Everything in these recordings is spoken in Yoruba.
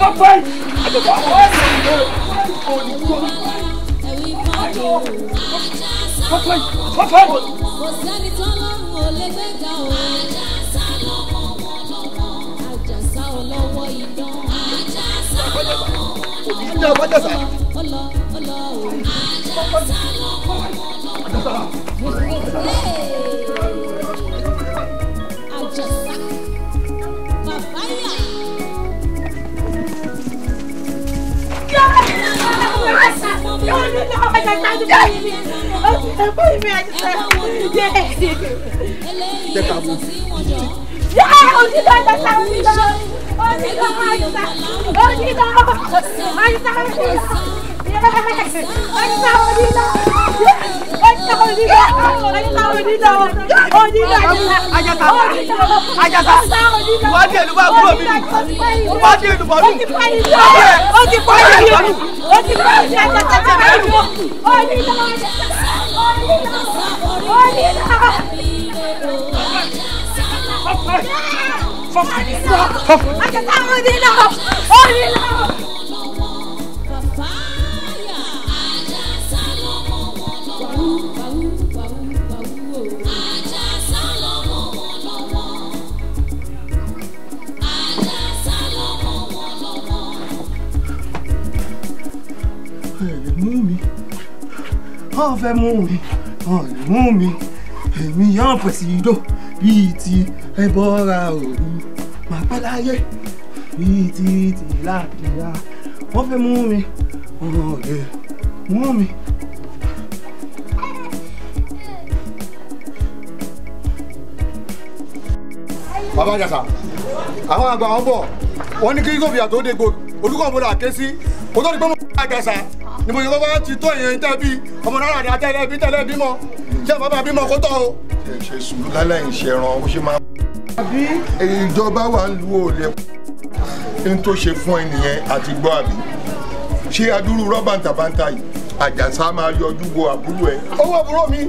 fẹ́ àtọ̀kọ̀ àwọn ọ̀sẹ̀ ìlú òní o. Àjàsá lọ́mọ wọn lọ́mọ. Àjàsá ọlọ́wọ́ idán. Àjàsá jẹ́ ká mú. yẹ onídọ̀ àjàṣà onídọ̀ onídọ̀ àjàṣà onídọ̀ àjàṣà onídọ̀ ajata wọ́n ti ẹnu bá kúrò mi ni wọ́n ti ẹnu bọ̀ lù wọ́n ti ẹnu bọ̀ lù ó ti bá ọ̀sẹ̀ àtàtàtà bá yìí wọ́n ó ní ìlà ó ní ìlà ó ní ìlà. Àtàtà ó ní ìlà ó ní ìlà. wọ́n fẹ́ mú mi wọ́n lè mú mi èmi yàn pèsè ìdó bíi ti ẹbọra òru màá pẹ́ láyé bíi ti tìlàkìlà wọ́n fẹ́ mú mi wọ́n lè mú mi. bàbá àjàsà àwọn àgbà wọn bọ̀ wọ́n ní kí gómìnà tó dégbò olùkọ́ ọ̀bọ̀dà ké sí kó tó di pé mo bá àjàsà ìmọ̀ yorùbá bá ti tó yẹn tẹ́ bí ọmọ náírà dá tẹ́lẹ̀ bí tẹ́lẹ̀ bímọ ṣé bàbá bímọ kó tọ̀ o. ṣe sùúrù lálẹ́ ìṣẹ̀ràn ó ṣe máa. àbí ìjọba wa ń lu òòlẹ̀ n tó ṣe fún ẹ nìyẹn àti gbọ́ àbí ṣé adúrú rọ́bà ń tàbáńtà yìí àjàsá máa yọjú wo àbúrò ẹ. owó àbúrò mi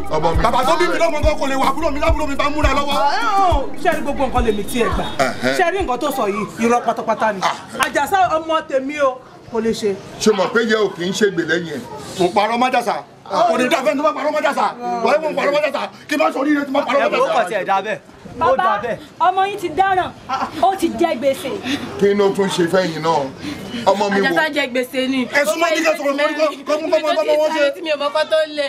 bàbà tó bí mi lọ́mọ nǹkan kò lè wọ àbúrò mi lábúrò mi bá múra lọ́wọ́. sẹ́ẹ̀rì gbogbo nǹkan lèmi tiẹ̀ gbà sẹ́ẹ̀rì nǹkan tó sọ yìí irọ́ pátápátá ni ah. àjàsá ọmọ tèmi o kò lè ṣe. ṣe mọ̀ pé yẹ ò kì í ṣe gbè lẹ́yìn ẹ̀ kò parọ́ májàsà ah. kò ní dáfẹ́ ní tó bá parọ́ májàsà wọ́n yẹ kó parọ́ májàsà kí n bá sọ orí rẹ tó bá parọ́ májàsà. ẹ̀ bàbá ọmọ yín ti dáràn ó ti jẹ gbèsè. kí ló tún ṣe fẹ́yìn náà ọmọ mi wò. àjàtà jẹ gbèsè ni. ẹ̀sùn mọ́ ní kẹ́sùn mọ́ ní kọ́ mú bọ́mọ bọ́mọ wọ́n ṣe. mi ò mọ́kọ́ tó lè.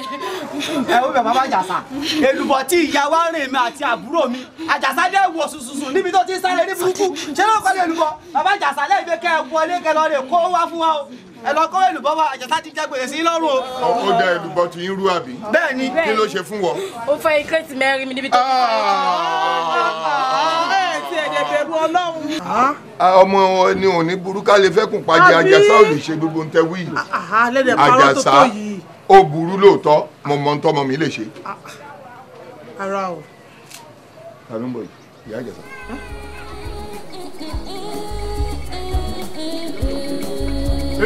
ẹ o bẹ bàbá àjàsà èlùbọ́ tí ìyá wa rìn mi àti àbúrò mi àjàsà dẹ́ wọ̀ sùsùsù níbi tó ti sáré ní burúkú ṣé ló kọ́ lè lùbọ́ bàbá àjàsà lẹ́yìn pé kẹ́ ẹ wọlé kẹ́ lọ ẹ lọ kó èlùbọ́ wa àjàtà ti jẹ gbèsè sí lọ́rùn o. da èlùbọ́ tí ń rú àbí. bẹ́ẹ̀ni kí ló ṣe fún wọ. ó fẹ́ ikẹ́ ti mẹ́rin mi níbi tó ti fẹ́. Ah, ẹ ti ẹ̀jẹ̀ bẹ̀rù ọlọ́run. Ah, ọmọ ni òní burúkú lè fẹ́ kùn pàjẹ́ àjàsá ò lè ṣe gbogbo ń tẹ́ wíìlì. àjàsá ó burú lóòótọ́ mo mọ tọ́mọ mi lè ṣe. ara ah, o. ta ìyá àjàsá.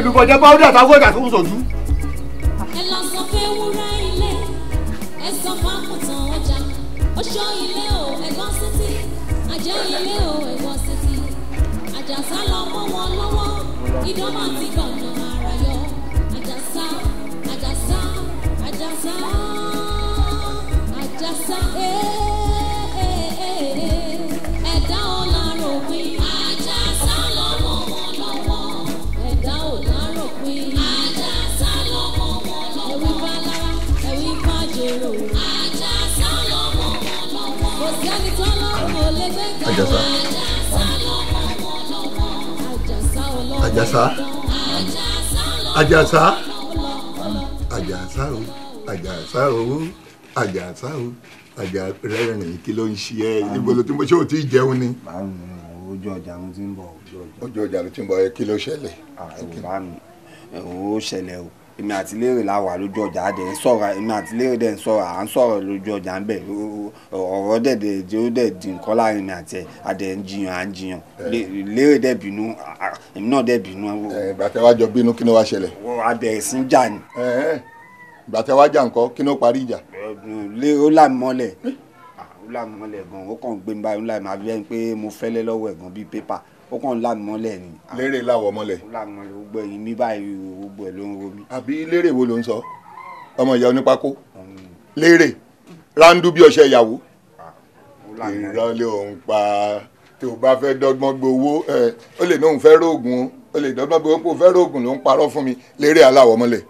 èlùbọ̀ jẹ́ pàwọ́dà táwọn ìgbà tó ń sọ̀dú. ẹ lọ sọ pé wúrà ilé ẹ sọ fákùtàn ọjà oṣó ilé o ẹ̀gbọ́n sétí àjẹ ilé o ẹ̀gbọ́n sétí àjàsá lọ mọ́ wọn lọ́wọ́ ìdánmọ̀ ti gbọ̀nà ara yọ àjàsá àjàsá àjàsá àjàsá ẹ̀ẹ́. Eh. Ajasa, ajasa, ajasa, ajasa, o. ajasa, o. ajasa. o. Àjà rẹ́rìn kí ló ń ṣe ẹ́ níbo ló ti mo ṣé o ti jẹun ni. Ojú ọjà mo ti ń bọ̀. Ojú ọjà ló ti ń bọ̀ kí ló ṣẹlẹ̀. Ah, ó ṣẹlẹ̀ o èmi àti lérè la wà lójú ọjà á dẹ̀ ń sọ̀rọ̀ èmi àti lérè dẹ̀ ń sọ̀rọ̀ à ń sọ̀rọ̀ lójú ọjà ń bẹ̀ ọ̀rọ̀ dẹ̀dẹ̀ tí ó dẹ̀ di nǹkan láàrin mi àti ẹ̀ a ń jiyàn à ń jiyàn lérè dẹ̀ bínú èmi náà dẹ̀ bínú. ìgbà tẹ wá jọ bínú kí ló wá ṣẹlẹ̀. a bẹ̀rẹ̀ sí jà ni. ìgbà tẹ wá jà nǹkan kí ló parí ìjà. lérè ó làmì mọ́lẹ̀ ó làmì mọ́lẹ̀ gan-an ó kàn gbé mi báyìí ó làmì ó kàn lámì mọ́lẹ̀ ni. lérè láwọ̀ mọ́lẹ̀. lámì mọ́lẹ̀ gbogbo ẹ̀yìn mi báyìí gbogbo ẹ̀ ló ń ro mi. àbí lérè wo ló ń sọ ọmọ ìyá onípákó lérè rándú bí ọṣẹ ìyàwó. Ah, ìrọ̀lẹ́ òun pa tí o bá fẹ́ dọ́gbọ́n gbowó ó lè ní òun fẹ́ róògùn ó lè dọ́gbọ́n gbowó pé o fẹ́ róògùn ló ń parọ́ fún mi lérè aláwọ̀ mọ́lẹ̀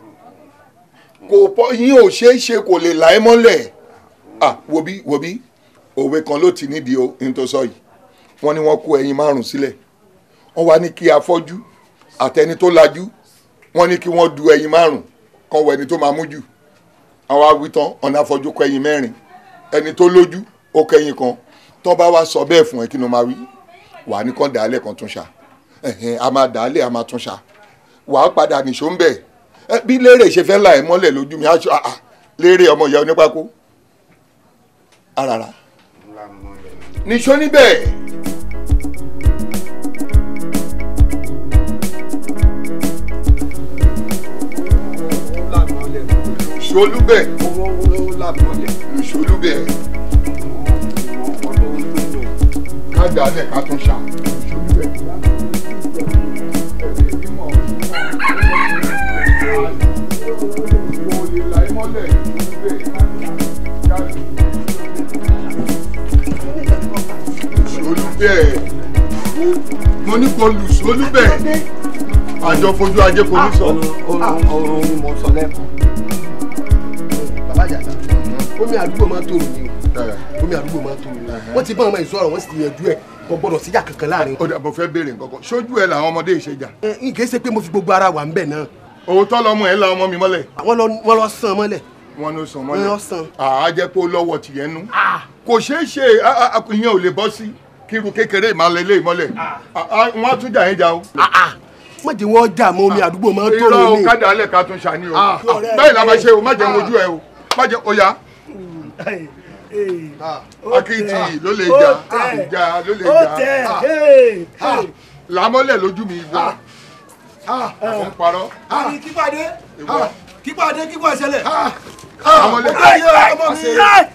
kò pọ̀ yín ò ṣeé ṣe kò lè láé mọ́lẹ̀ ah wòbí wòbí òwe kan ló ti nídìí o ní tó sọ yìí wọ́n ní wọ́n kó ẹyin márùn-ún sílẹ̀ wọ́n wá ní kí afọ́jú àtẹni tó lajú wọ́n ní kí wọ́n du ẹyin márùn kan wọ ẹni tó máa mú jù àwọn awitan ọ̀nà afọ́jú kọ ẹyin mẹ́rin ẹni tó lójú ó kẹyin kan tó bá wá sọ bẹ́ẹ̀ fún ẹ kí ni máa wí wà á ní kàn dàálẹ̀ kan tún ṣá a máa dàálẹ̀ a máa tún ṣá wà padà nìṣó ń bẹ̀ bí lérè ṣe fẹ́ la ẹ̀ mọ́lẹ̀ lójú mi aṣọ àà lérè ọmọ ìyá onípákó arara nìṣó níbẹ̀. ṣolúbẹ̀ owó làbọ̀lẹ̀ ṣolúbẹ̀ ká dálẹ̀ ká tún ṣà ṣolúbẹ̀. ṣolúbẹ̀ mo ní kò lù ṣolúbẹ̀ àjọ fojú ajé kò ní sọ. ọ̀run ah, ni mo sọ lẹ́kọ̀ọ́ omi àdúgbò máa ń tó nìyí omi àdúgbò máa ń tó nìyí wọ́n ti bá ọmọ ìsọ̀rọ̀ wọ́n sì ti yanjú ẹ̀ kò gbọ́dọ̀ síjà kankan láàrin. ọ̀dà mo fẹ́ béèrè nǹkan sójú ẹ làwọn ọmọdé ìṣèjà. n kì í ṣe pé mo fi gbogbo ara wà ń bẹ̀ náà. òótọ́ lọmọ ẹ la ọmọ mi mọ́lẹ̀. wọ́n lọ sàn mọ́lẹ̀. wọ́n ló sàn mọ́lẹ̀. àá jẹ́ pé ó lọ́wọ́ tìyẹn nú. kò ṣeé ṣe ìyẹn ò lè bọ́ sí kíru kékeré ìmàlẹ̀ ilé ìmọ́lẹ̀ wọ́n tún jà yín jà o. má jẹ́ wọ́n jà mọ́ omi àdúgbò máa tó akíntì ló lè jà ìjà ló lè jà làmọ́lẹ̀ lójú mi ìgbà àwọn parọ́. a ní kípàdé kípàdé kípàṣẹlẹ̀. làmọ́lẹ̀ ọmọ mi.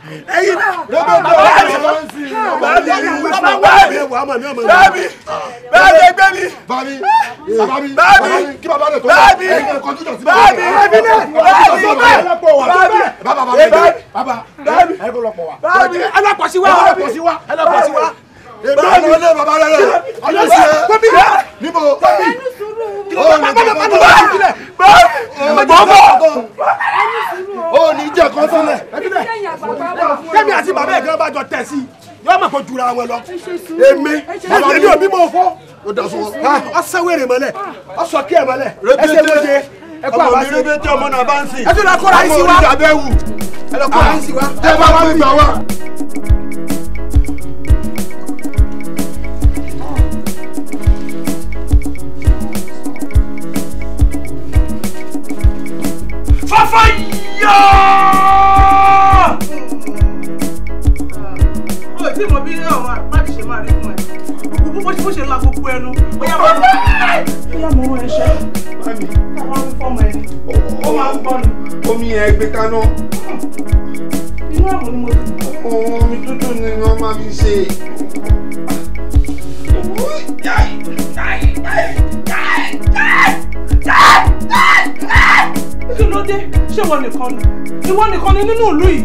ẹyin lọ́bẹ̀ bẹ́ẹ̀ bá mi bá mi bá mi gbé mi bá mi bá mi bá mi kí bàbá rẹ̀ tó bá mi bá mi bá mi bá mi bá mi bàbá alákọ̀ọ́sí wa alákọ̀ọ́sí wa alákọ̀ọ́sí wa báyìí wọlé bàbá rẹ rẹ ọjọ́ sí ẹ tóbi rẹ níbo tóbi ó ní bàbá rẹ báyìí bàbá rẹ bàbá rẹ ó ní jẹ́ kan sílẹ̀ kẹ́mi àti bàbá ẹ̀gán bá jọ tẹ̀ sí i yóò mọ̀ kó jura wọn lọ èmi ẹsẹ̀ mi ò mímọ̀ fọ́ ọ̀sẹ̀ wẹ̀rẹ̀ ah, mọ́lẹ̀ ọ̀sọ̀ kí ẹ̀ mọ́lẹ̀ ẹsẹ̀ lóye ẹkọ àbá sí ọmọ ọmọ náà bá ń sìn ẹtú lọ kóra yín sí wa ọmọ orí ìjàbẹ wù ẹ lọ kóra yín ah. sí wa ẹ bá wà gbà wá. yọ. o ì tí mo bí ọ̀run àpáàdì ṣe máa rí fún ẹ gbogbo bó ṣe bó ṣe la gbogbo ẹnu bóyá mo rún bóyá mo rún ẹṣẹ káwọn ń fọmọ ẹni ó máa ń gbọ́ ni. omi yẹn gbé kaná. inú ẹ̀mú ni mo ti bọ̀. omi dúdú ni wọ́n máa fi ṣe. Hey! kí ló dé ṣé ìwọ nìkan ni ìwọ nìkan ni nínú ìlú yìí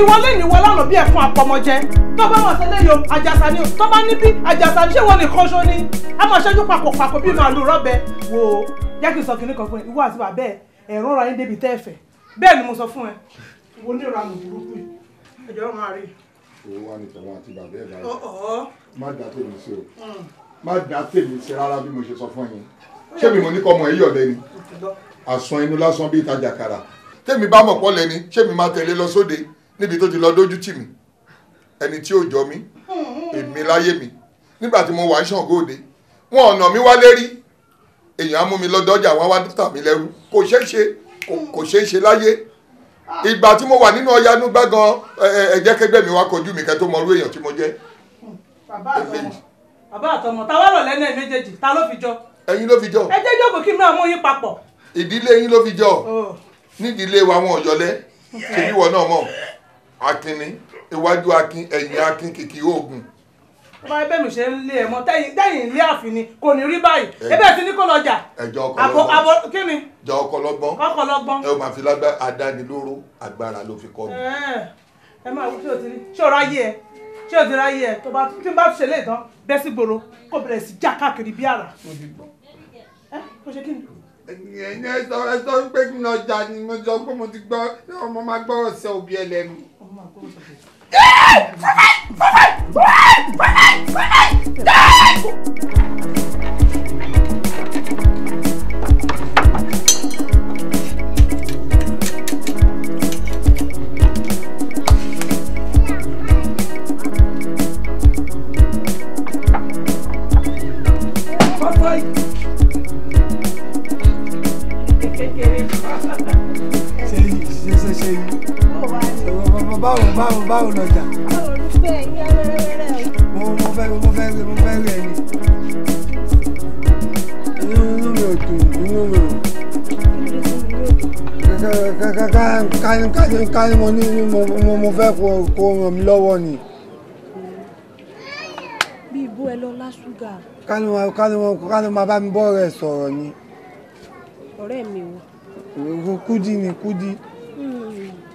ìwọ lè ní ìwọ lánàá bí ẹ̀fọn àpọmọjẹ tó bá wà tẹ́lẹ̀ yọ àjàsà ni tó bá níbí àjàsà ṣé ìwọ nìkan ṣó ni a máa ṣẹ́jú papọ̀ papọ̀ bí màálù rọ́bẹ wò ó jẹ́ kí n sọ kìnnì kan fún ẹ ìwọ àti bàbá ẹ ẹ̀rọ ra yín débi tẹ́ ẹ̀fẹ̀ bẹ́ẹ̀ ni mo sọ fún ẹ ìwọ ní ìranù burúkú yìí ẹjọ́ máa rí. òun wà ní tẹ̀wọ́n àti bàbá ẹ̀ báyìí má dá tèmi sí o hmm. má dá tèmi sí rárá bí mo ṣe sọ fún yín ṣé mi mo ní kọ́ ọmọ ẹ̀ yọ̀dẹ ni àsan inú lásán bíi tajàkàrà tèmi bá mọ̀ pọ́ lẹ́ni ṣé mi máa tẹ̀lé lọ sóde níbi tó ti lọ dójú tì mí ẹni tí ò jọ mí èmi láyé mi nígbà tí mo wà ń ṣàn góòde wọn ọ̀nà mi wá lérí èèyàn á mú mi lọ́dọ̀ ọjà wá wá tà mí lẹ́rú kò ṣeé ṣe kò ṣeé ṣe láyé ìgbà tí mo wà nínú ọya inú gbàngàn ẹ̀jẹ̀ kẹgbẹ́ mi wá kojú mi kẹ́ tó mọ irú èèyàn tí mo jẹ́. bàbá àtọmọ bàbá àtọmọ ta wá rọ̀ lẹ́nu ẹ̀ méjèèjì ta ló fi jọ. ẹ̀yin ló fi jọ. ẹ jẹ́ jókòó kí n náà mú yín papọ̀ ìdílé yín ló fi jọ oh. nídìílé wa wọn ọ̀yọ́lẹ́ ṣèlú wọn náà mọ̀ akin ni iwájú akin ẹ̀yìn akin kìkì oògùn bá ẹbẹ mi ṣe ń lé ẹ mọ tẹyìn tẹyìn ilé àfin ni kò ní rí báyìí ẹbẹ ti ní kó lọ jà ẹjọ ọkọlọgbọn àbọ àbọ kí ni. jọ ọkọlọgbọn ọkọlọgbọn ẹ máa fi lágbá adánilóró agbára ló fi kọ mi. ẹ máa wú sí òtí rí o ráyé ẹ ṣé o ti ráyé ẹ tó bá tí n bá ṣe lè tán bẹ́ sí gbòòrò kó bẹ̀rẹ̀ sí já káàkiri bí àrà. ẹ kò ṣe kí ni ẹ̀yìn ẹ̀sọ́ ẹ̀sọ́ pé kí n lọ jà ni mo jọ pé mo ti gbọ́ ọmọ máa gbọ́rọ̀ sí òbí ẹlẹ́nu. Bye. ṣe yìí báwo báwo báwo lọ́jà. mo mo fẹ́ mo fẹ́ mo fẹ́ rẹ̀ ni inú mi ò dùn inú mi ò káyínkáyínkáyín mo ní mo fẹ́ kó ràn mí lọ́wọ́ ni. bí ìbú ẹ lọ lásùgà. kánú kánú máa bá mi bọ́ ọ̀rẹ́ sọ̀rọ̀ ni. ọ̀rẹ́ mi o. kúdí ni kúdí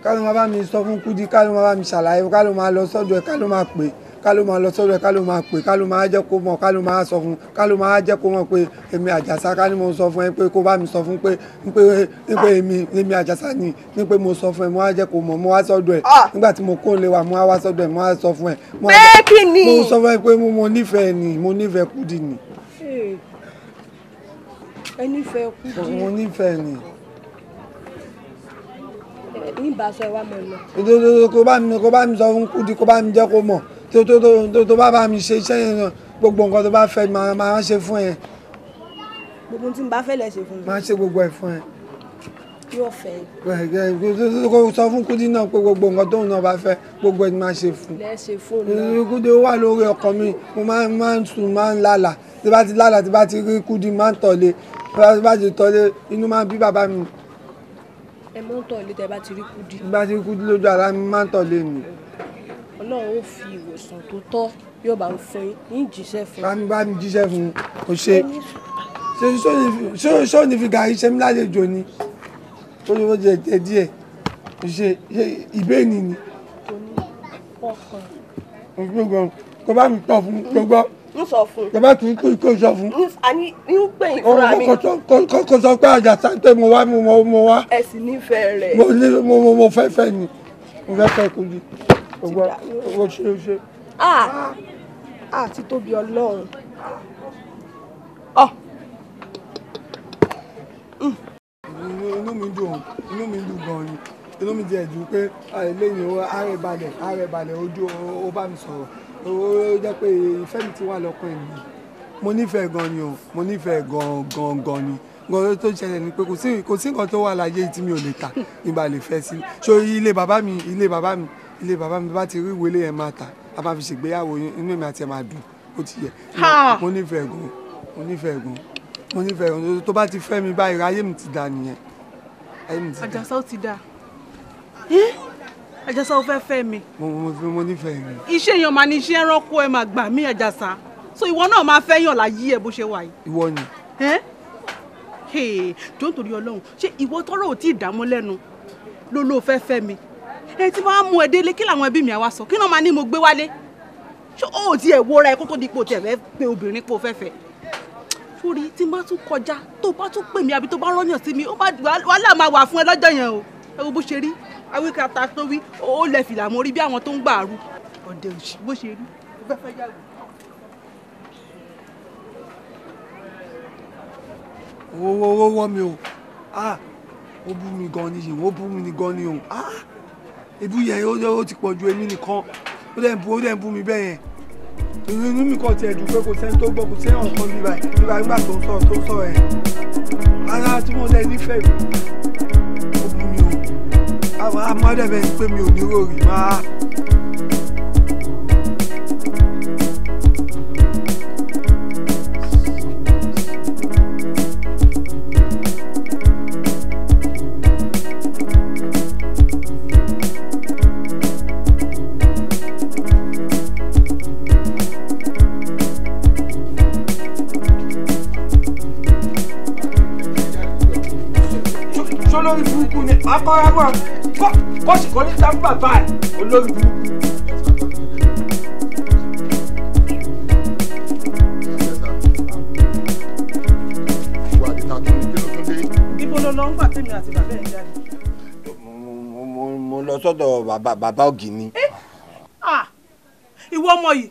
ká ló máa bá mi sọ fún Kudi ká ló máa bá mi ṣàlàyé ká ló máa lọ sọ́dọ̀ ẹ̀ ká máa pè ká máa lọ sọ́dọ̀ ẹ̀ ká máa pè ká máa jẹ́ kó mọ̀ ká máa sọ fún ká máa jẹ́ kó mọ̀ pé èmi àjàsá ká mo sọ fún ẹ pé kó bá mi sọ fún pé pé pé èmi èmi àjàsá ni ní pé mo sọ fún ẹ mo wá jẹ́ kó mọ̀ mo wá sọ́dọ̀ ẹ ah! nígbà tí mo kó lè wà mo wá sọ́dọ̀ ẹ mo wá sọ fún ẹ. ni mo sọ fún ẹ pé mo nífẹ̀ẹ́ ni mo nífẹ̀ẹ́ Kudi ni. ẹ nífẹ̀ẹ́ Kudi. Eh, ìbáṣọ ìwà mọ̀ lọ. òdodo kó bá mi kó bá mi sọ fún Kudi kó bá mi jẹ́ kó mọ̀ tó tó tó tó bá bá mi ṣe iṣẹ́ yẹn náà gbogbo nǹkan tó bá fẹ́ máa máa ṣe fún ẹ. gbogbo tí mo bá fẹ́ lẹ̀ ṣe fún mi. máa ṣe gbogbo ẹ̀ fún ẹ. yóò fẹ́. kó sọ fún Kudi náà pé gbogbo nǹkan tóun náà bá fẹ́ gbogbo ẹ̀ ni máa ṣe fún. lẹ́sẹ̀ fóònù náà. Kudi wà lórí ọkọ mi mo máa ń sùn máa ń lálàá tí bá ti lálàá tí bá ti rí Kudi máa ń tọ̀lé bá ti tọ́lé inú máa ń bí bàbá mi ẹ mọ́ ń tọ̀lé tẹ bá ti rí kúdí. bá ti rí kúdí lójú ara mi máa ń tọ̀lé ni. ọlọ́run ó fi ìwòsàn tó tọ́ yóò bá ń fún yín jíṣẹ́ fún. bá mi bá mi jíṣẹ́ fún o ṣe ṣé o ní fi gàrí ṣe mí lálejò ni ó ní oúnjẹ jẹ díẹ̀ o ṣe ìbéèni ni. kò ní pọ̀ kan. kò bá mi pọ̀ fún gbogbo n sọ fún. bàbá kì í kú kó sọ fún. àní n pè yín fúnra mi. kò sọ pé àjàsá pé mo wá mo mo wá. ẹ sì nífẹ̀ẹ́ rẹ̀. mo ní mo mo mo fẹ́ fẹ́ ni mo fẹ́ fẹ́ kú ni mo ṣe o ṣe. a a ti tóbi ọlọ́run. inú mi dùn inú mi dùn gan-an ni inú mi jẹ́ ju pé lẹ́yìn ààrẹ balẹ̀ ààrẹ balẹ̀ ojú ó bá mi sọ̀rọ̀ ó jẹ́ pé ìfẹ́ mi ti wà lọ́kàn mi mo nífẹ̀ẹ́ gan ni o mo nífẹ̀ẹ́ gan gan gan ni nǹkan tó ṣẹlẹ̀ ni pé kò sí nǹkan tó wà láyé tí mi ò lè tà nígbà lè fẹ́ sí so ilé bàbá mi ilé bàbá mi ilé bàbá mi bá ti rí ìwé lẹ́yìn máa tà a máa fi ṣègbéyàwó inú mi àti ẹ̀ máa dùn ó ti yẹ mo nífẹ̀ẹ́ gan mo nífẹ̀ẹ́ gan mo nífẹ̀ẹ́ gan tó bá ti fẹ́ mi báyìí ayé mi ti dà nìyẹn ayé mi ti dà. àjàsá ó ti dà. Eh? àjàsà ó fẹ́ fẹ́ mi. mo mo mo nífẹ̀ẹ́ mi. iṣẹ́ èèyàn máa ní iṣẹ́ ẹranko ẹ máa gbà mí àjàsà so ìwọ náà máa fẹ́ yàn láyé ẹ bó ṣe wà yìí. ìwọ ni. jọ eh? ń torí ọlọ́run ṣé ìwọ tọrọ ò tí ì dààmú lẹ́nu ló ló fẹ́ fẹ́ mi ẹ tí wọ́n á mú ẹ délé kí làwọn ẹbí mi àwa sọ kí náà máa ní mo gbé wálé ṣé ó ò tiẹ̀ wọra ẹ kó tó di ipò tẹ̀ fẹ́ pé obìnrin pò fẹ́fẹ́ sórí tí n bá tún kọjá tó bá tún pè mí àbí tó bá rọ́yàn sí mi ó bá wàhálà máa wà fún ẹ lọ́jọ́ yẹn o ẹ wo bó ṣe rí awíkata tó wí ó lẹ fìlà mo rí bí àwọn tó ń gbà rú ọ̀dẹ̀ òsì bó ṣe rí ó fẹ́ fẹ́ yàgò. owó owó wọ́ mi o ah ó bú mi gan ni yìí ó bú mi gan ni o ah ebú yẹn ó ti pọ̀ ju èmi nìkan ó dẹ̀ ń bú ó dẹ̀ ń bú mi bẹ́ẹ̀ yẹn inú inú mi kàn tiẹ̀ dùn pé kò sẹ́ni tó gbọ́ kò sẹ́ni ọ̀kan bíbá bíbá nígbà tó ń sọ̀rọ̀ tó ń sọ̀rọ̀ yẹn rárá tí mo lẹ nífẹ̀ẹ́ mi àwọn amọ́dẹ̀bẹ̀ ń pè mí ò ní ròrì kó sì kó ní sáfù bàbá ẹ̀ olórí mo lọ sọ́dọ̀ bàbá ògìní. Eh, ìwọ ọmọ yìí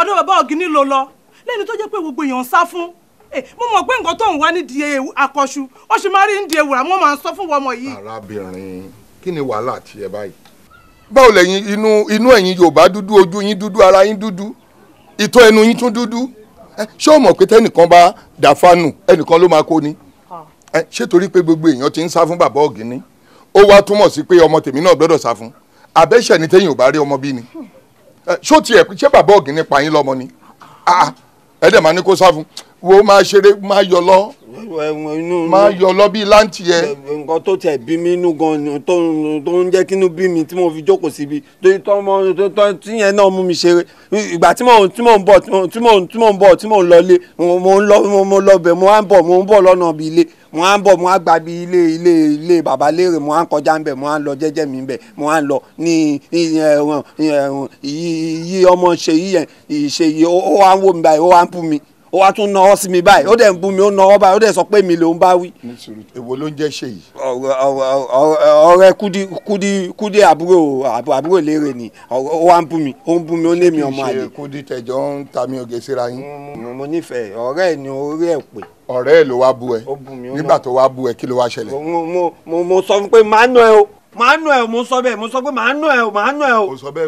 ọ̀dọ̀ bàbá ògìní ló lọ lẹ́ni tó jẹ́ pé gbogbo èèyàn ń sá fún eh, mo mọ̀ pé nǹkan tó ń wá nídìí akọ̀ṣu ó sì máa rí nídìí ewúrà mo máa ń sọ fún ọmọ yìí. arábìnrin kí ni wàhálà tiẹ̀ báyìí báwo lẹ́yìn inú inú ẹ̀yin yorùbá dúdú ojú yín dúdú ara yín dúdú ìtọ́ ẹnu yín tún dúdú ṣé o mọ̀ pé tẹ́nìkan bá dàfánù ẹnìkan ló máa kó ni ṣé torí pé gbogbo èèyàn ti ń sá fún bàbá ọ̀gìnní ó wá túmọ̀ sí pé ọmọ tèmi náà gbọ́dọ̀ sá fún abẹ́ṣẹ̀ ni tẹ́yìn ò bá rí ọmọ bí ni ṣó tiẹ̀ ṣé bàbá ọ̀gìnní pa yín lọ́mọ ni ah, ah, ẹ̀ẹ́dẹ̀ máa ní kó sá fún wo máa ṣeré máa yọ lọ máa yọ lọ bíi láǹtì yẹ. nǹkan tó tiẹ̀ bí mi inú gan-an tó ń jẹ́ kínú bí mi tí mo fi jókòó síbi tíyẹn náà mú mi ṣeré ìgbà tí mò ń bọ̀ tí mò ń bọ̀ tí mò ń lọlé mo ń lọ mo lọ bẹ̀ mo á ń bọ̀ mo ń bọ̀ lọ́nà bíi ilé mo á ń bọ̀ mo á gba bíi ilé ilé ilé bàbá léèrè mo á ń kọjá ń bẹ̀ mo á ń lọ jẹ́jẹ́ mi ń bẹ̀ mo á ń lọ ní yí ọmọ ṣe yí yẹn ìṣe yìí ó wá ń wò mí báyìí ó wá ń bú mi ó wá tún náwó sí mi báyìí ó dẹ̀ ń bú mi ó náwó báyìí ó dẹ̀ sọ pé mi lòún bá wí. èwo ló ń jẹ́ ṣe yìí. ọ̀rẹ́ kúdí kúdí kúdí àbúrò àbúrò léèrè ni ó wá ń bú mi ó ń bú mi ó lé mi ọmọ àlè. kúdí tẹjọ ń ta mi oge síra yín. mo nífẹ̀ẹ́ ọ̀rẹ́ ni orí ẹ̀ pè. ọ̀rẹ́ ló wá bú ẹ nígbà tó wá bú ẹ kí ló wá ṣẹlẹ̀. mo sọ fún pé màá nù mo sọ bẹ́ẹ̀ mo sọ pé màá nù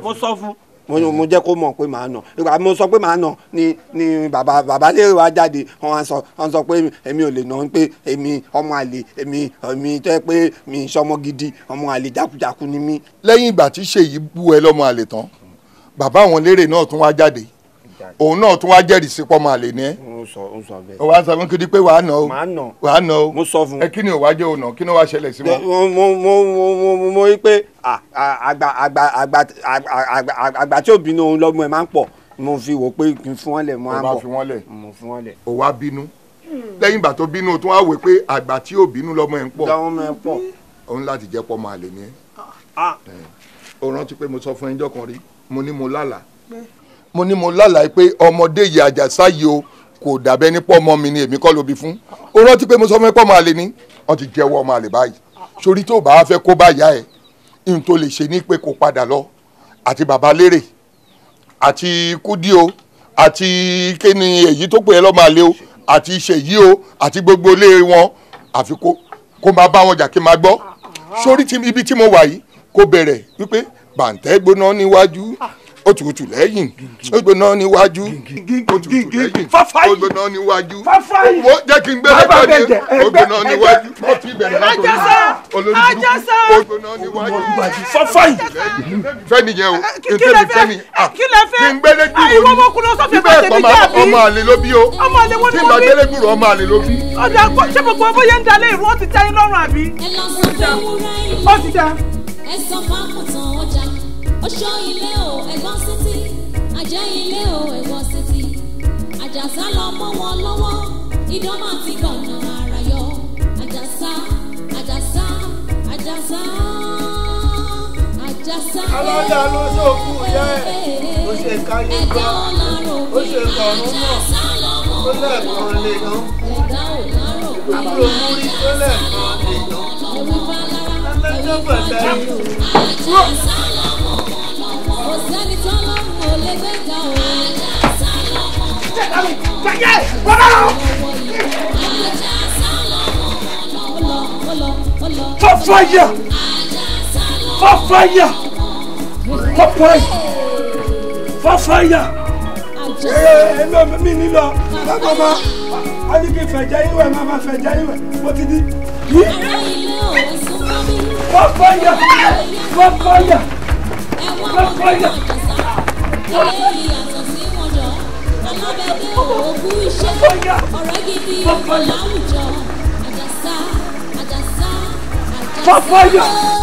mo sọ fún mo jẹ́ kó mọ̀ pé màá nà ìgbà mo sọ pé màá nà ni ni bàbá bàbá lè wá jáde wọn sọ wọn sọ pé èmi ò lè nà pé èmi ọmọ àlè èmi èmi tó yẹ pé mi sọmọ gidi ọmọ àlè jákujáku ni mí. lẹ́yìn ìgbà tí ṣèyí bú ẹ lọ́mọ àlè tán bàbá àwọn lérè náà tún wá jáde òun náà tún wá jẹ́rìí sí pọ́ máa lè ní ẹ́. o wa sọ fún kí di pé wàá nà o wàá nà o ẹ kí ni ò wá jẹ́ òun náà kí ni wàá ṣẹlẹ̀ sí wọn. mo mo mo mo mo rí pé àgbà àgbà àgbà àgbà tí ò bínú òun lọ́mọ ẹ̀ máa ń pọ̀ mo fi wò pé kí n fún wọn lẹ̀ mo á bọ̀ mo fún wọn lẹ̀. o wa bínú lẹ́yìn ìgbà tó bínú tó wá wò pé àgbà tí ò bínú lọ́mọ ẹ̀ ń pọ̀ lọ́mọ ẹ̀ ń pọ̀ òun láti jẹ́ pọ́ máa lè o rántí pé mo sọ fún ẹjọ́ kan rí mo ní mo lálàá mo ní mo lálàá pé ọmọdé yìí àjàsá yìí o kò dàbẹ́ ní ọmọ mi ni èmi kọ́ ló bí fún o rántí pé mo sọ fún ẹ pọ́ máa lè ní wọ́n ti jẹ́wọ́ ọmọ àlè báyìí sórí tó bá fẹ́ kó bá yá ẹ̀ n tó lè ṣe ní pé kó padà lọ àti bàbá lérè àti kúdíò àti kíni èyí tó pè é lọ́mọ àlè o àti ṣèyí o àti gbogbo ilé wọn àfi kó kó máa bá wọn jà kí n máa gbọ́ sórí ibi tí mo wà yìí kó bẹ̀rẹ̀ wípé bàǹtẹ́ gbóná níwájú òtútù lẹ́yìn ògbóná níwájú òtútù lẹ́yìn ògbóná níwájú wo jẹ́ kí n gbé lẹ́kọ̀ọ́ ní ògbóná níwájú wọ́n fi bẹ̀rẹ̀ látòrí olórí burúkú ògbóná níwájú fọ́fáì fẹ́ni yẹn o ntẹ́mi fẹ́ni à kí n gbélé gbúrò ní bíbẹ́ ẹ̀kọ́ máa ọmọ àlè ló bí o kí n bá gbélé gbúrò ọmọ àlè ló bí. ọjà ṣé gbogbo bóyá ń dalẹ̀ ìrú ó ti tẹ́ yín lọ́rùn àbí. ó ti tẹ́ ó ti tẹ́ oṣó ilé o ẹ̀gbọ́n sítì àjẹ́ ilé o ẹ̀gbọ́n sítì àjàsá lọ mọ́ wọn lọ́wọ́ ìdánmà ti gbọ̀nà ara yọ àjàsá àjàsá àjàsá àjàsá alájà ló ló kú yẹ ó ṣe káyé gbá ó ṣe kọ̀ọ̀rọ̀ náà ó lẹ́ẹ̀kan lè gan àbúrò múrí ó lẹ́ẹ̀kan orin tọ́lọ́run ò lè Fire! yàtọ̀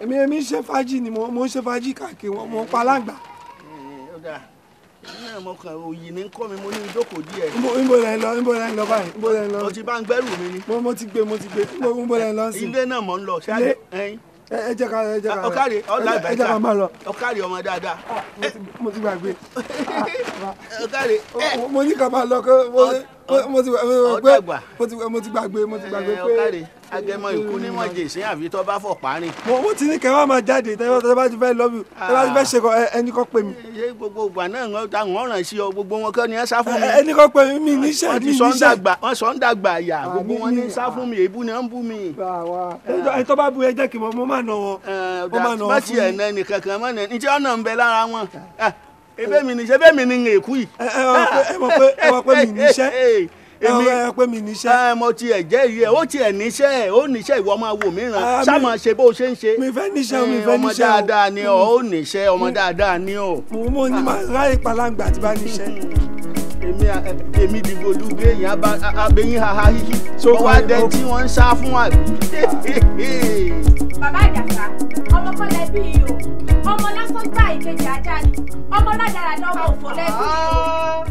èmi èmi ń ṣe fájì ni mo mo ń ṣe fájì káàkiri wọn mo ń pa láǹgbà. mo kàn òyì ní kọ́ mi mo ní ìjókòó díẹ̀. nbó lẹ́ ń lọ nbó lẹ́ ń lọ báyìí nbó lẹ́ ń lọ. o ti bá ń gbẹ́rù mi ni. mo mo ti gbé mo ti gbé nbó lẹ́ ń lọ sí. ilé náà mò ń lọ ṣáájú. ẹ jẹ́ ká ẹ jẹ́ ká ọkàrí ọlá ìbàjá ẹ jẹ́ ká máa lọ. ọkàrí ọmọ dáadáa. Ah, mo ti gbàgbé. ọkàrí ah, mo ní ká máa lọ kó mo ti gbàgbé mo ti gbàgbé pé agẹmọ ikú ní mọ jèsè àbí tó bá fọ parin. mo mo ti ní kẹ́ wá máa jáde tẹ́ bá ti fẹ́ lọ́bì tẹ́ bá ti fẹ́ ṣe kọ ẹni kọ́ pè mí. ṣé gbogbo ìgbà náà ń ta ń ràn sí ọ gbogbo wọn kọ́ ni ẹ sá fún mi. ẹni kọ́ pè mi níṣẹ́ mi níṣẹ́. wọ́n sọ ń dàgbà àyà gbogbo wọn ní sá fún mi èébú ni wọ́n ń bú mi. ẹ bá bu ẹ kí mo máa nà ẹ mọ̀ pé mi ní èmi ẹ pé mi níṣẹ́. ẹ mo tiẹ̀ jẹ́ iye ó tiẹ̀ níṣẹ́ ó níṣẹ́ ìwọ máa wò mí ràn ah, ṣá máa ṣe bó ṣe ń ṣe. mi fẹ́ níṣẹ́ mi eh, fẹ́ níṣẹ́ o. ọmọ dáadáa ni ọ ó níṣẹ́ ọmọ dáadáa ni o. mo mo ní ma ráyè palangba tí bá níṣẹ́. èmi èmi dìbò dúgbò èèyàn abẹ́yìn haha yìí tó wá dé tí wọ́n ń sá fún wa. bàbá àjàsà ọmọ kọ́ lẹ́bí yìí o ọmọ lásán gbà ìkejì ajá ni ọmọ ládàradà ọmọ òfò lẹ́bí yìí o.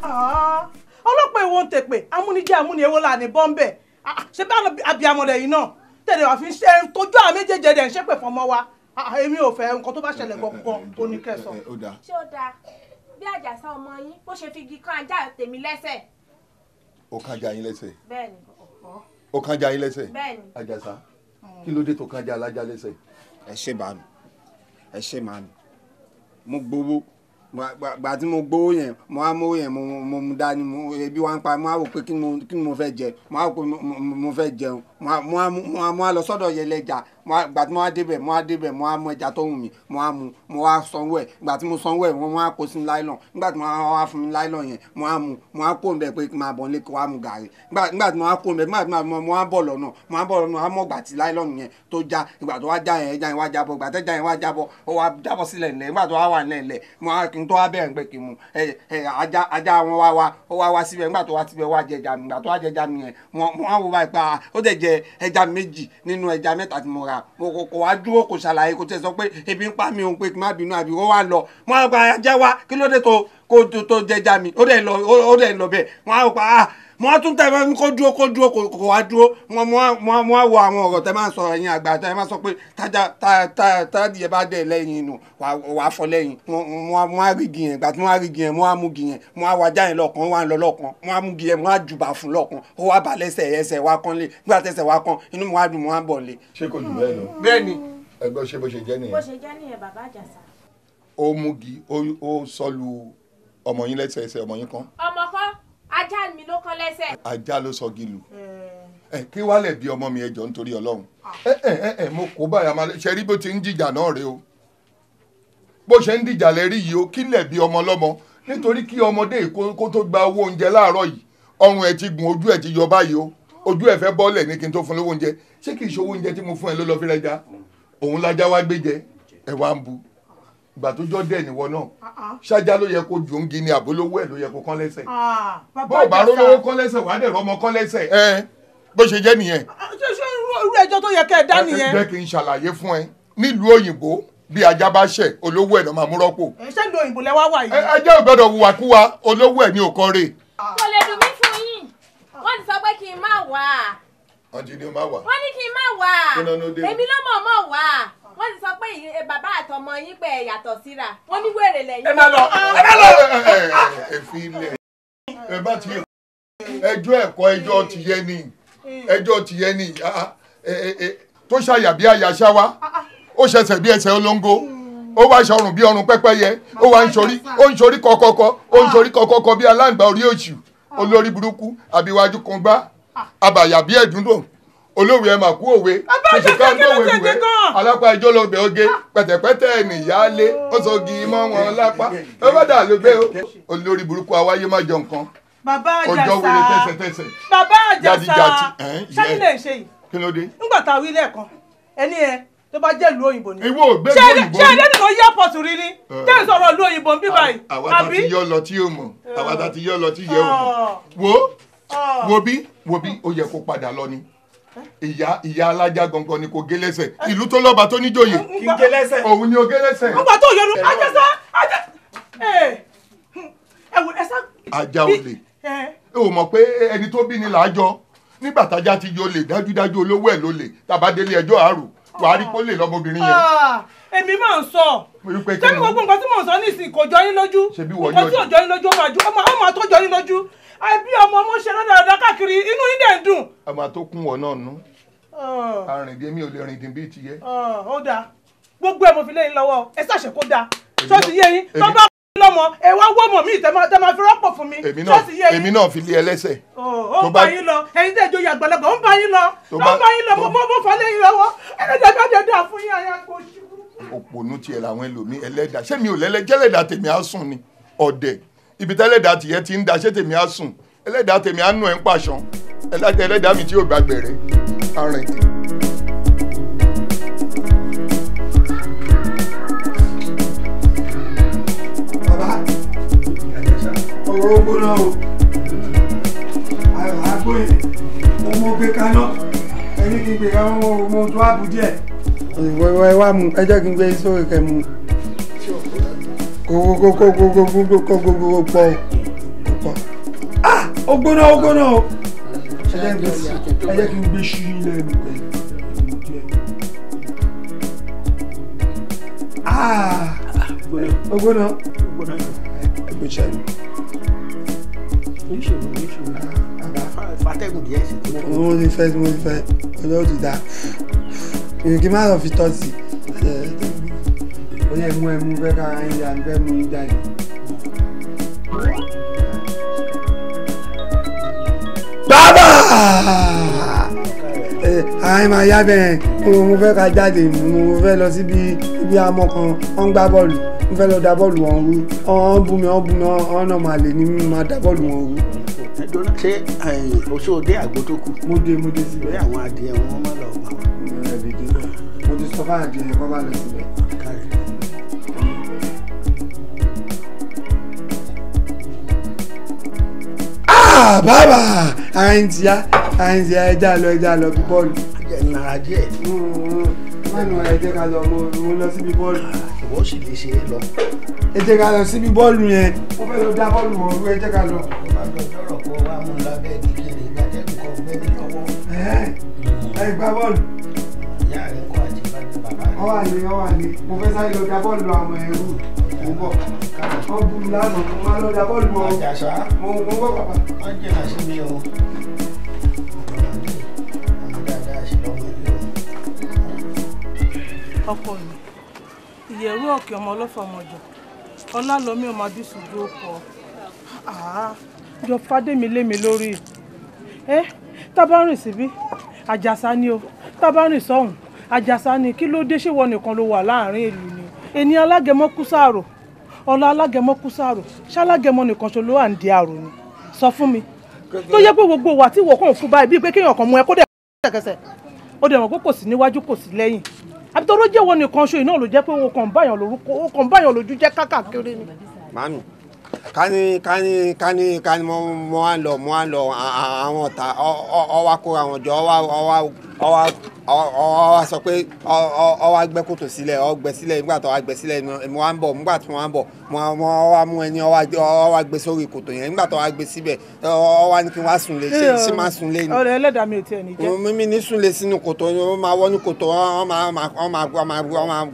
Ah, ah, ọlọ́pàá èwo ń tèpè amúnijẹ́ amúni èwo là ní bọ́ńbẹ́ ah, ah, ṣé bá abiyamọ̀lẹ̀ yìí náà tẹ̀lé wà fi ṣe tójú àwọn méjèèjì ẹ̀dẹ̀ ń ṣépè fọmọ wa ah, èmi ò fẹ́ nǹkan tó bá ṣẹlẹ̀ gangan tó ní kẹsàn. ṣé ó dáa bí àjàsá ọmọ yín bó ṣe fi igi kan ajá tèmi lẹ́sẹ̀. ó kan ajá yín lẹ́sẹ̀. bẹ́ẹ̀ni. ó kan ajá yín lẹ́sẹ̀. bẹ́ẹ̀ni. àjàsá kí ló dé tó kan ajá alájá lẹ́sẹ̀. ẹ ṣe bàánù ẹ ṣe màánù mo gbowó gbà tí mo gbowó yẹn mo wá mowó yẹn mo mu dání mo ebi wá ń pa mo wá wò pé kí ni mo fẹ́ jẹ mo wá wò pé mo fẹ́ jẹun mo wá lọ sọ́dọ̀ yẹlẹ́jà gbà tí mo wá débẹ̀ mo wá débẹ̀ mo wá mọ ẹja tó wù mí mo wá mu mo wá sanwó ẹ̀ gbà tí mo sanwó ẹ̀ wọ́n wá kó sí láìlọ̀n nígbà tí mo wá fún mi láìlọ̀n yẹn mo wá mu mo wá kó nbẹ pé kí n máa bọ̀ nílé kí n wá mu gàrí nígbà tí mo wá kó nbẹ nígbà tí mo wá bọ̀ lọ́nà mo wá bọ̀ lọ́nà àmọ́ gbà tí láìlọ̀n yẹn tó já ìgbà tó wá já yẹn ẹja yẹn wá jábọ̀ ìgbà tẹ́ja yẹn wá jábọ̀ ó wá kò kò wá dúró kò ṣàlàyé kò tẹ̀ sọ pé ebi ń pa mi òun pé kí n má bínú àbí wọ́n wá lọ mo á gba ajá wa kí ló dé tó kó tó jẹjà mi ó dẹ̀ lọ bẹ́ẹ̀ wọ́n á pa mo á tún tẹ fẹ́ kó dúró kó dúró kó wá dúró mo mo mo á wo àwọn ọ̀rọ̀ tẹ máa ń sọ ẹ̀yin àgbà tẹ máa sọ pé tájà tádìyẹ bá dẹ̀ lẹ́yìn inú wà á fọ lẹ́yìn mo á rí igi yẹn ìgbà tí mo á rí igi yẹn mo á mú igi yẹn mo á wájà yẹn lọ́kàn wà lọ lọ́kàn mo á mú igi yẹn mo á jùbà fún lọ́kàn ó wá bà lẹ́sẹ̀ ẹsẹ̀ wa kan lé nígbà tẹsẹ̀ wa kan inú mo á mo á lé. ṣé kò jù bẹ́ẹ̀ lọ. bẹ́ẹ̀ ẹgbẹ́ ṣe bó ṣe jẹ́ nìyẹn. bó ṣe jẹ́ ajá mi ló kán lẹ́sẹ̀. ajá ló sọ gílù ẹ eh. eh, kí wàá lè bí ọmọ mi ẹjọ nítorí Ọlọ́run ẹ ẹ ẹ mo kó báyà máa ṣe rí bó ti ń jìjà náà rèé o bó ṣe ń dìjà lẹ́rí yìí o kí lè bí ọmọ lọ́mọ nítorí kí ọmọdé kó tó gba owó oúnjẹ láàárọ̀ yìí ọrùn ẹ̀ ti gùn ojú ẹ̀ ti yọ báyìí o ojú ẹ̀ fẹ́ bọ́ọ̀lẹ̀ ní kí n tó fún lówó oúnjẹ ṣé kì í ṣe owó oúnjẹ tí mo fún ẹ ló lọ fi rẹjà òun lajá wá gbé jẹ ẹ wá ń bu ìgbà tó jọ́ dẹ̀ níwọ náà ah, ah. ṣájá ló yẹ kó ju oúnjẹ ní àbólówó ẹ̀ ló yẹ kó kán lẹ́sẹ̀ ah, bó o bá rówó kán lẹ́sẹ̀ wàá dẹ̀ rọmọ kán lẹ́sẹ̀ ẹ bó ṣe jẹ́ nìyẹn. ṣé ṣé irú ẹjọ́ tó yẹ kẹ́ ẹ dá nìyẹn. bẹ́ẹ̀ kì í ṣàlàyé fún ẹ nílùú òyìnbó bí ajá bá ṣẹ̀ olówó ẹ̀ ló máa mú rọ́pò. ṣé ìlú òyìnbó lẹ wà yìí. ajá ò gbọdọ̀ wùwàkúwa olówó ẹ̀ ní òkọ́rè. kò lè dùn mí fún yín wọ́n ti sọ pé kí n má wà. wọ́n ti ní o má wà. wọ́n ní kí n má wà. kí n nánú dé. èmi ló mọ̀ mọ̀ wà wọ́n ti sọ pé bàbá àtọmọ yín pé ẹ yàtọ̀ síra wọ́n ní wèrè lẹ́yìn. ẹ má lọ ah. ẹ má lọ. ẹ fi ilẹ̀ ẹ bá ti ẹjọ́ ẹ̀kọ́ ẹjọ́ ti yẹ ni ẹjọ́ ti yẹ ni ah, ah, tó ṣàyà bí àyà ṣáwá ó ṣẹ̀ṣẹ̀ bí ẹsẹ̀ olóńgó ó wá ṣọrùn bí ọrùn pẹ́pẹ́yẹ ó wá ń ṣorí ó ń ṣorí kọkọkọ ó ń ṣorí kọkọkọ bí aláǹgbá orí òṣù olórí burúkú àbíwájú kan àbàyà bí ẹ̀dúndùn olóòwe ẹ mà kú òwe ṣèṣe ká ń lówe ìwé alápá ẹjọ́ ló bẹ̀ oge pẹ̀tẹ̀pẹ̀tẹ̀ nìyá lé ó sọ gi mọ́ wọn lápá ó bá dà ló gbé o olórí burúkú awáyé má jọ nǹkan ọjọ́ wele tẹ́sẹ̀tẹ́sẹ̀ jàdìjàdì ṣẹ́kílẹ̀ ṣe yìí kí ló dé. nígbà tá a wí lẹ́ẹ̀kan ẹni ẹ tó bá jẹ́ ìlú òyìnbó ni. ìwọ ògbé ìlú òyìnbó ni. ṣé ẹni kan yí àpọ̀tù rí ni. tẹ́ ẹ sọ̀rọ̀ ìlú òyìnbó ń bí báyìí. àwa ta ti yọ lọ tí yóò mọ̀ àwa ta ti yọ lọ tí yẹ ò mọ̀ wo wo bí wo bí ó yẹ kó padà lọ ni ìyá ìyá alájà gangan ni kò gélẹ́sẹ̀ ìlú tó lọ́ba tó níjòyè kì í gélẹ́sẹ̀ òun ni ó gélẹ́sẹ̀. nígbà tó yọnu ajásá ajá ẹwù ẹsẹ. ajá olè ẹ ò mọ̀ pé ẹni tó bí ni làájọ nígbà tájá ti yọ olè dájúdájú olówó ẹ̀ ló lè tàbá délé ẹjọ́ àrò wàá rí kó lè lọ́mọbìnrin yẹn. Ah, èmi máa ń sọ sẹ́ni gbogbo nǹkan tí mò ń sọ nísìnyí kò jọ yín lójú nǹkan tí ò jọ yín lójú ó máa tó jọ yín lójú àbí ọmọ ọmọ ṣe lọ́dọọdọ káàkiri inú yín dẹ̀ ń dùn. àmọ́ tó kún wọ náà nú arìndín ah. mi ò lè rìndín bí ti yẹ. Ah, ó dáa gbogbo ẹ̀ mo fi lẹ́yìn lọ́wọ́ ẹ ṣàṣẹ kó dáa ṣọ́ọ̀ṣì yé yín tó bá kú lọ́mọ ẹ wá wọ́ mọ̀ mí tẹ́ máa fi rọ́pò fún mi ṣọ́ọ̀ṣì yé yín. èmi náà fi lé ẹlẹ́sẹ̀. Oh, ó ń bá yín lọ ẹ̀yin tẹ́ ìjòyè àgbàlagbà ó ń bá yín lọ ó ń bá yín lọ mo mo fọ́ lẹ́yìn lọ́wọ́ ẹ̀ẹ́dẹ́gbẹ́dẹ́dẹ́ fún yín àyà gbòòṣù. òpònú tiẹ̀ làwọn ẹlòmíì ẹlẹ́dàá ṣé mi ò lẹ́lẹ́jẹ́lẹ́dàá tèmi á sùn ni ọ̀dẹ̀ ibi tẹ́lẹ̀dá tìyẹ ti ń da tèmi á sùn ẹlẹ́dàá tèmi á nù ẹ́ ń pàṣán ẹlẹ́dàá mi tí yóò gbàgbé rẹ̀ arìn. bàbá ọ̀rọ̀ ogbó náà o àgbóyè mo mọ gbé kaná ẹni kí n gbé kaná mo tó àbújẹ. ìwọ ìwọ ẹ wá mu ẹ kí n gbé sórí kẹ́ mu gbogbogbogbogbogbogbogbogbogbogbò pọ̀ ah ó gbóná ó gbóná o ẹ jẹ́ kí n gbé ṣí ilé mi pẹ̀lú ah ó gbóná ẹgbẹ́jẹ́ mi. níṣòro níṣòro fàtẹ́gùn díẹ̀ sí i. mo ní fẹ́ mo ní fẹ́ ọjọ́ òtún dá kí n má lọ fi tọ́ sí i ọyẹ mú ẹ mú fẹ́ kára ń ya fẹ́ mú yín jáde. bàbá àyìn máa yá bẹ́ẹ̀ mo fẹ́ ká jáde mo fẹ́ lọ síbi ibi amọ̀ kan wọ́n ń gbá bọ́ọ̀lù mo fẹ́ lọ da bọ́ọ̀lù wọn rú ọ̀hún bumi ọ̀hún bumi ọ̀hún náà máa lè ní máa da bọ́ọ̀lù wọn rú dọ́là ṣé oṣù òde àgbo tó kù. mo dé mo dé síbẹ̀. bẹ́ẹ̀ àwọn adìẹ wọn máa lọ bá wa. mo ti sọ fún adìẹ kọ́ bá lọ síbẹ̀. bàbá bàbá ara ń tiya ara ń tiya ẹja lọ ẹja lọ bí bọ́ọ̀lù. ẹnara díẹ̀. mánu ẹ jẹ́ ká lọ mo mo lọ síbi bọ́ọ̀lù. ìwọ sì lè ṣe é lọ. ẹ jẹ́ ká lọ síbi bọ́ọ̀lù yẹn mo fẹ́ lọ dá bọ́ọ̀lù wọ̀ ọ́ ẹ jẹ́ ká lọ. bàbá mi ò tọrọ kó wá mú lábẹ́ kékeré ìbàjẹ́ nǹkan ọgbẹ́ mi lọ́wọ́. ẹ ẹ gbá bọ́ọ̀lù. ìyá rẹ kọ́ àti bàbá rẹ. ọwọ́ àlè ọwọ́ àlè mo fẹ́ sáré lọ dá bọ́ọ̀lù àwọn ẹrú mo bọ̀ wọ́n bú mi lánàá mo máa lọ jábọ́ lu ọ mo mo gbọ́ mi o. ọkọ mi ìyẹ̀rú ọ̀kẹ́ ọmọ ọlọ́fà ọlálọ́mí ọmọ ló kọ jọ fádémi lémi lórí ẹ tá síbí àjàsá ni o tá bá rìn sọ́hùn àjàsá ni kí ló dé ṣé wọn nìkan ló wà láàrin ìlú ni ènìyàn alágẹmọ kú sáàrò ọlá alágẹmọ kú sáàrò ṣálágẹmọ nìkan ṣo ló wà ń di àrò ni sọ fún mi tó yẹ pé gbogbo wà tí ìwọ̀kàn fún báyìí bíi pé kéèyàn kan mú ẹ kó dẹ̀ kẹsẹ̀kẹsẹ̀ ó dẹ̀ mọ̀ pé kò sí níwájú kò sí lẹ́yìn àbítọ́rọ́ jẹ́wọ́ nìkan ṣo iná ló jẹ́ pé o kàn báyàn lórúkọ o kàn báyàn lójú jẹ́ káàkiri ni. màánù kání kání kání kání mo wá lọ mo wá lọ àwọn ọ̀tá ọwá kó àwọn jọ ọwá ọwá ọwọ́ sọ pé ọwọ́ agbẹ́ kòtò sílẹ̀ ọgbẹ́ sílẹ̀ nígbà tó wá gbẹ́ sílẹ̀ mo wá ń bọ̀ nígbà tí mo wá ń bọ̀ mo wá mú ẹni ọwọ́ agbẹ́ sórí kòtò yẹn nígbà tó wá gbẹ́ síbẹ̀ ọwọ́ ni kí n wá sùn lé sí máa sùn lé ni. ọ̀rẹ́ ẹlẹ́dàá mi ò tiẹ̀ ní jẹ́. mímí ní sùn lé sínú kòtò ó máa wọ́ ní kòtò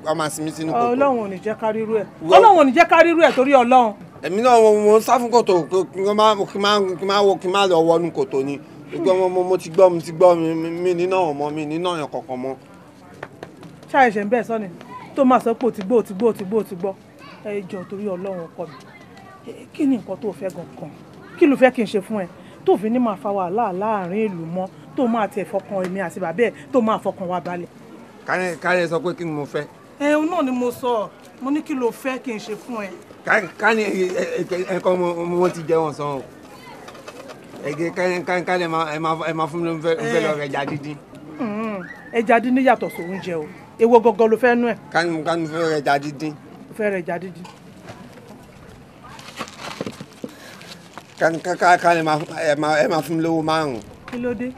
ó máa sinmi sínú kòtò. ọlọ́run ò ní jẹ́ ká rírú ẹ̀ ọlọ́run ò ní jẹ́ ká rírú ẹ̀ torí ọlọ́run. èmi náà mo sá fún kòtò kí n máa lọ wọnú kòtò ni gbọ́ mo mo ti gbọ́ mi ti gbọ́ mi mi nínà ọmọ mi nínà ọyàn kankan mọ́. ṣáà ẹ̀ṣẹ̀ ń bẹ́ẹ̀ sọ́ni tó máa sọ pé ó ti gbọ́ ó ti gbọ́ ó ti gbọ́ ó ti gbọ́ ẹ jọ torí ọlọ́run ọkọ mi kí ni nǹkan tó fẹ́ gan-an kí ló fẹ́ kí n ṣe fún ẹ tó fi ní máa fa wàhálà láàrin ìlú mọ́ tó máa tiẹ̀ fọkàn èmi àti bàbá ẹ̀ tó máa fọkàn wa balẹ̀. kárẹ̀ sọ pé kí ni mo fẹ́. ẹ òun náà ni mo sọ mo ní kí ló fẹ́ kí n ṣe fún ẹ. ká ní ẹ̀kọ́ mo ti jẹ́ wọn sàn o ẹgẹ kánìkánì ẹ máa fún mi ló ń fẹ́ lọ rẹ eh. ẹja dídín. Mm-hmm. ẹja dídín yàtọ̀ sí oúnjẹ o èwo gangan ló fẹ́ nú ẹ̀. kánìmù kánìmù fẹ́ rẹ ẹja dídín. fẹ́ rẹ ẹja dídín. kánìkánì ẹ máa fún mi lówó márùn. kí ló dé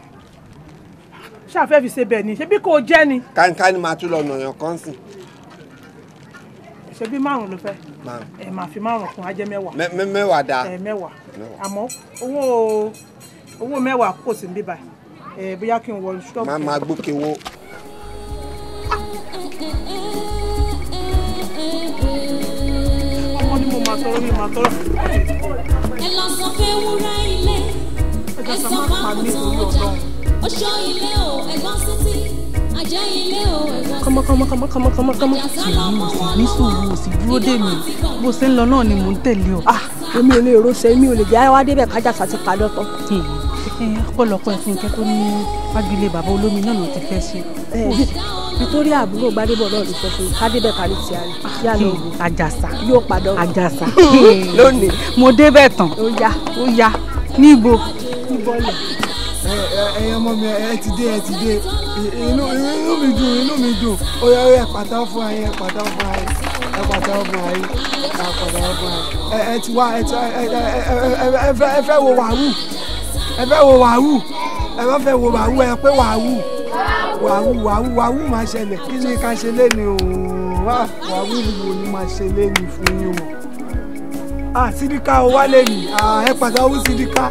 ṣáà fẹ́ fi ṣe bẹ́ẹ̀ ni ṣebí kò jẹ́ ni. kánìkánì máa tún lọ nọ̀yàn kan sìn ṣe bí márùn ló fẹ́ ẹ máa fi márùn kún ajẹ́ mẹ́wàá mẹ́wàá dáa ẹ mẹ́wàá àmọ́ owó owó mẹ́wàá kò sí níbí ẹ bóyá kí n wọ ṣọ́ọ̀bù. máa máa gbókè wo. ọmọ ni mo máa tọrọ mi máa tọrọ. ẹ lọ sọ pé wúrà ilé ẹ sọ máa pa mí lórí ọ̀dọ́. ilé o ẹ̀gbọ́n sí ti kọmọ kọmọ kọmọ kọmọ kọmọ kọmọ. ní sùúrù sì dúró dè mí bó ṣe ń lọ náà ni mò ń tẹ̀lé ọ. Ah, èmi ò lè rọṣẹ èmi ò lè jẹ́ wá débẹ̀ kájà sàti padà tán. Hmm. ọ̀pọ̀lọpọ̀ ẹ̀fọn nǹkan tó ní fagilé bàbá olómi náà ló ti fẹ́ ṣe. nítorí àbúrò gbadébọ̀ náà ló sọ fún mi kádébẹ̀ kárí ti àárẹ̀ ah, yá lọ hmm. wò. àjàsà yóò padà wò. àjàsà lónìí. mo débẹ̀ tán. ó yá ó yá níbo. níbo lẹ̀ ẹ̀yin eh, eh, eh, ọmọ mi ẹ ti dé ẹ ti dé inú inú mi dùn inú mi dùn ó yẹ ẹ pàtàkì fún ayé ẹ pàtàkì fún ayé ẹ pàtàkì fún ayé ẹ pàtàkì fún ayé ẹ ti wá ẹ ti ẹ fẹ́ wo wàhù ẹ fẹ́ wo wàhù ẹ bá fẹ́ wo wàhù ẹ pé wàhù wàhù wàhù wàhù máa ṣẹlẹ̀ kí ni ká ṣe lé ní òun wàhù ni mo ní máa ṣe lé ní fún yín o. ah sídìkà ó wá lé mi ah, ẹ pàtàkì sídìkà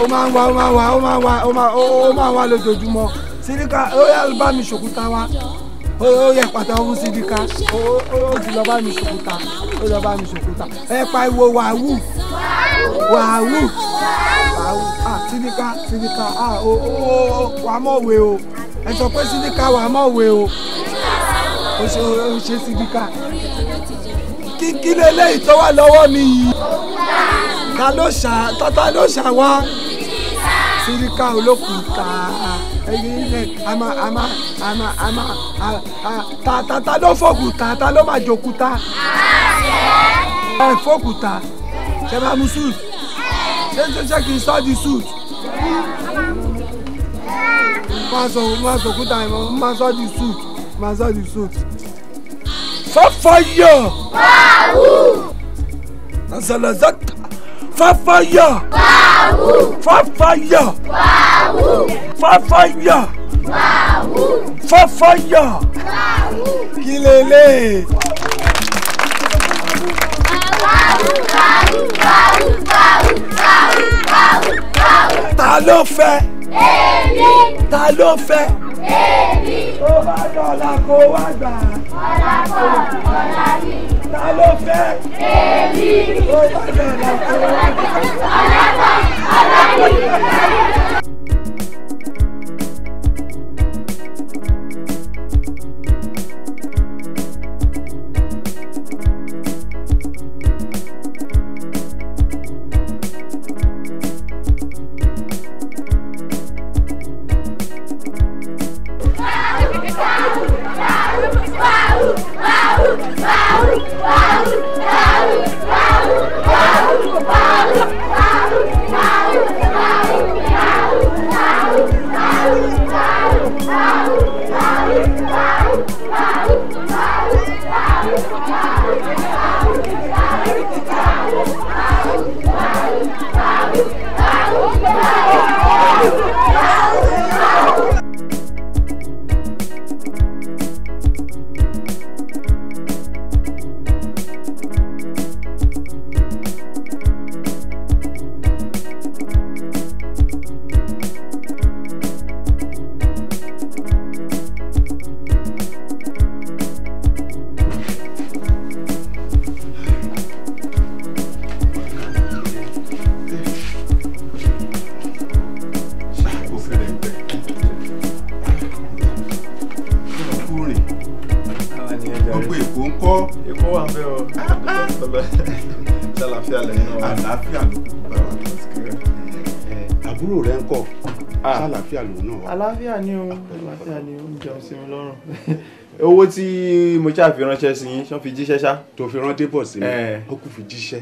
ó máa ń wá ó máa ń wá ó máa ń wá ó máa ó máa ń wá lójoojúmọ́ síríkà ó yà bá mi ṣòkúta wá ó yẹ pàtàkì ọ̀hún síríkà ó ti lọ bá mi ṣòkúta ó lọ bá mi ṣòkúta ẹ pariwo wàhù wàhù wàhù ah síríkà síríkà ah ó wàá mọ̀ wé o ẹ sọ pé síríkà wàá mọ̀ wé o ó ṣe ó ṣe síríkà kí kí lélẹ́yìí tó wà lọ́wọ́ mi yìí ta ló ṣà tata ló ṣà wá sirika olókùn ká ẹyin ilẹ ama ama ama ama ta ta ta ló fòkùtà ta ló má jòkúta ẹ fòkùtà ṣe máa mu suit ṣe ṣe ṣe kì í sọ di suit máa sọ máa sọ kúta ẹ máa sọ di suit máa sọ di suit fọfọ yọ. wàhù. nasalazata. Fafaya. Wàhù. Fafaya. Wàhù. Fafaya. Wàhù. Fafaya. Wàhù. Kí lélẹ̀. Wàhù. Wàhù. Wàhù. Wàhù. Wàhù. Wàhù. Wàhù. Ta ló fẹ́? Èmi. Ta ló fẹ́? Èmi. Tó bá dọ̀la kó wá gbà. Ọ̀la kọ̀ ọ̀la ni. I love that. èmi ó bá sọpẹ́ ṣàlàfíà lẹ́yìn náà. àlàáfíà ló kú bá wa àbúrò rẹ ń kọ ṣàlàáfíà lòun náà wà. àlàáfíà ni o àlàáfíà ni o ń jẹun sí mi lọ́rùn owó tí mo ṣáà fi ránṣẹ́ sí yín ṣán fi jíṣẹ́ ṣá. tó fi rán débọ̀ sí mi ó kù fi jíṣẹ́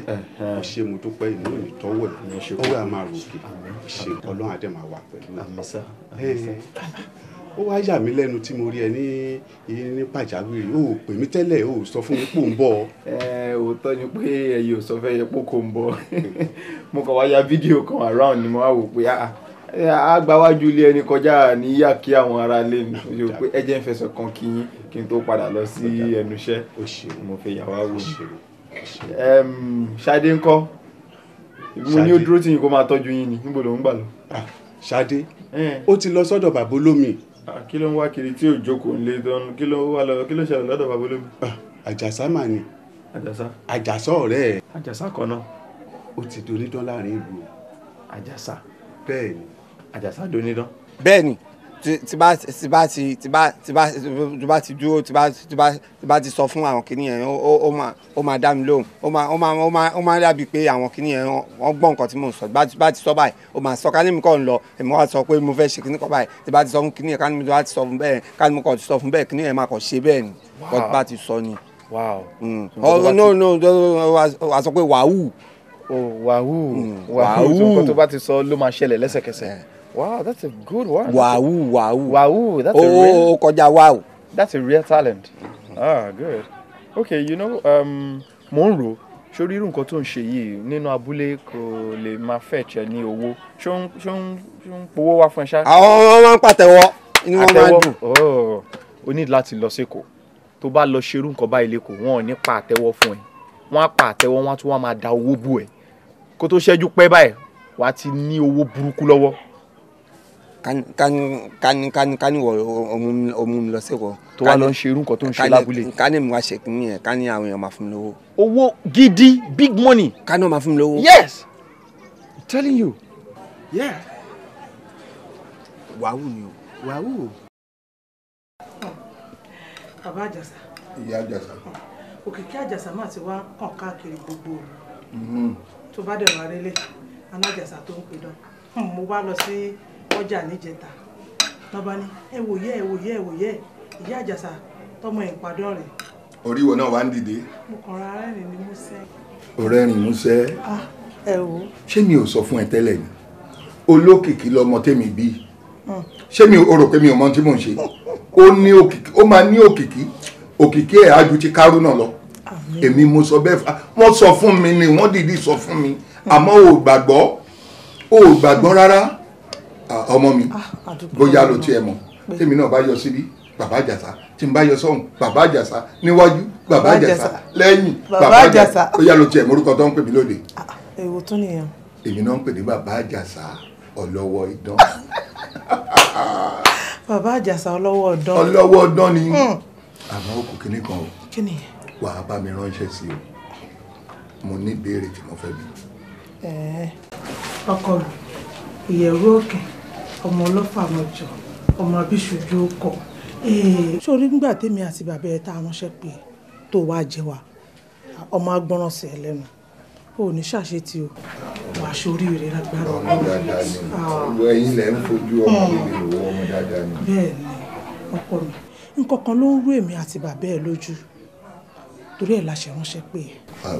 ó ṣe mo tó pẹ́ ìlú òní tọ́wọ́ ẹ̀ ọwọ́ ẹ̀ máa ròkè ṣe ọlọ́run àdẹ̀ máa wà pẹ̀lú ẹ̀ ó wá yà mí lẹ́nu tí mo rí ẹ ní ní pàjáwìrì ó pè mí tẹ́lẹ̀ ó sọ fún mi pò ń bọ̀. ẹ òótọ́ ni pé ẹ̀yin ò sọ fẹ́ yẹ pò kò ń bọ̀ mo kàn wá ya fídíò kan around ni mo wá wò pé agbáwájú ah, ilé ẹni kọjá níyà kí àwọn ará lé mi yóò pé ẹ jẹ́ ń fẹsọ̀ kan kí yín kí n tó padà lọ sí ẹnu iṣẹ́ mo fẹ́ yà wá wò. ṣadé ńkọ́ mo ní ó dúró tì yín máa tọ́jú yín ni níbo ló ń gbà lọ. Ah, ṣadé ó ti lọ sọ́dọ̀ bàbá olómi Ah, kí ló ń wá kiri tí ò jókòó nílé dánú kí ló wá lọ kí ló ṣẹlẹ̀ lọ́dọ̀ bàbá olómi. Ah, àjàsá mà ni. àjàsá. àjàsá ọ̀rẹ́ ẹ̀. àjàsá kan náà. ó ti donídán láàrin ìlú. àjàsá. bẹ́ẹ̀ni. àjàsá donídán. bẹ́ẹ̀ni tí bá tí bá ti tí bá tí bá tí bá ti dúró tí bá tí bá tí bá ti sọ fún àwọn kìnìyàn yẹn ó máa ó máa dá mi lóhùn ó máa ó máa ó máa ó máa dàbí pé àwọn kìnìyàn yẹn wọ́n gbọ́ nǹkan tí mò ń sọ tí bá ti sọ báyìí ó máa sọ kánìmí kọ́ ń lọ èmi wá sọ pé mo fẹ́ ṣe kìnìkan báyìí tí bá ti sọ fún kìnìyàn kánìmí bá ti sọ fún bẹ́ẹ̀ kánìmí kọ́ ti sọ fún bẹ́ẹ̀ kìnìyàn máa kọ́ ṣe bẹ́ẹ̀ ni kọ́ ti bá ti sọ ni. wow. Mm. Oh, no no wàá sọ pé wàhù. Oh, mm, wàhù wàhù tó bá ti sọ ló máa ṣẹlẹ̀ lẹ́sẹ̀kẹsẹ̀. Eh. Wow, that's a good one. Wahoo, wahoo. Wahoo, that's oh, a real... Oh, kọjá wahoo. That's a real talent. Ah, good. Okay, you know, um, mo ń rò sórí irú nǹkan tó ń ṣe yìí nínú abúlé kò lè máa fẹ̀ẹ̀chẹ̀ ní owó ṣó ń ṣó ń ṣó ń powó wá fún ẹ ṣá. àwọn ọmọ máa ń pàtẹ́wọ́ inú wọn máa ń dùn. Oh, o ní láti lọ sí Èkó tó bá lọ ṣerú nǹkan báyìí lẹ́kọ̀ọ́ wọn ò ní pa àtẹ́wọ́ fún ẹ wọn á pa àtẹ́wọ́ wọn á tún wá máa da owó bù ẹ kó tó ṣẹ́jú pẹ́ báyìí wàá ti ní owó burúkú lọ́wọ́ kání wọ òun lọ sẹ́kọ̀ọ́. tó wá lọ ń ṣe irú nǹkan tó ń ṣe lábúlé. kání mi wá ṣe kínní yẹn kání àwọn èèyàn máa fún mi lówó. owó gidi big money. kání máa fún mi lówó. yes i'm telling you. yeah. wàhù ni o. wàhù. bàbá àjàsà. ìyá àjàsà. òkìkí àjàsà máa ti wá kàn káàkiri gbogbo rẹ̀. Mm-hmm. tó bá dẹ̀ wá rélé anájàsà tó ń pe dán hmm, mo wá lọ sí. Si ọjà níjẹta tọba ní ẹ wòye ẹ wòye ẹ wòye ìyá àjàsà tọmọ ẹ̀ ń padà rẹ̀. orí ìwọ náà wá ń dìde. mo kàn ra rẹ́rìn ní músẹ́. ọ̀rẹ́rìn músẹ́. Ah, ẹ wò. ṣé mi ò sọ fún ẹ tẹ́lẹ̀ ni olókìkí lọmọ tẹ́mi bí hmm. ṣé mi ò rò pé mi ò mọ ohun tí mò ń ṣe ó ní òkìkí ó máa ní òkìkí òkìkí ẹ̀ ájú ti kárú náà lọ èmi mo sọ bẹ́ẹ̀ wọ́n sọ fún mi ni wọ́n dìídì sọ fún mi hmm. àmọ́ ò gbàgbọ́ ò gbàgbọ́ rárá ọmọ mi ah, bóyá ló tiẹ̀ mọ̀ tèmi náà bá yọ síbí bàbá àjàsà tí n bá yọ sọ́hùn bàbá àjàsà níwájú bàbá àjàsà lẹ́yìn bàbá àjàsà bóyá ló tiẹ̀ morúkọ tó ń pè mí lóde. Ah, èwo tún nìyẹn. èmi náà ń pè ní bàbá àjàsà ọlọ́wọ́ idán. bàbá àjàsà ọlọ́wọ́ idán. ọlọ́wọ́ idán ni hmm. àmọ́ òkú kínní kan o wàá bá mi ránṣẹ́ sí o mo ní ìbéèrè tí mo fẹ́ bi. ọkọ ìyẹ̀wò òkè. Okay ọmọ ọlọ́fà mọ̀jọ ọmọ abíṣojú ọkọ. sórí nígbà tèmi àti bàbá ẹ tá a ránṣẹ́ pé tó wá jẹ wa ọmọ agbọ́nràn sí ẹ lẹ́nu o ní ṣàṣetì o wà á sórí rẹ lágbára ọmọ dáadáa ni ọwọ́ ah. ẹ̀yin lẹ ń fojú ọmọ hmm. bèbè ọmọ dáadáa ni. bẹ́ẹ̀ ni ọkọ mi nǹkan kan ló ń rú èmi àti bàbá ẹ lójú torí ẹ̀ la ṣe ránṣẹ́ pé.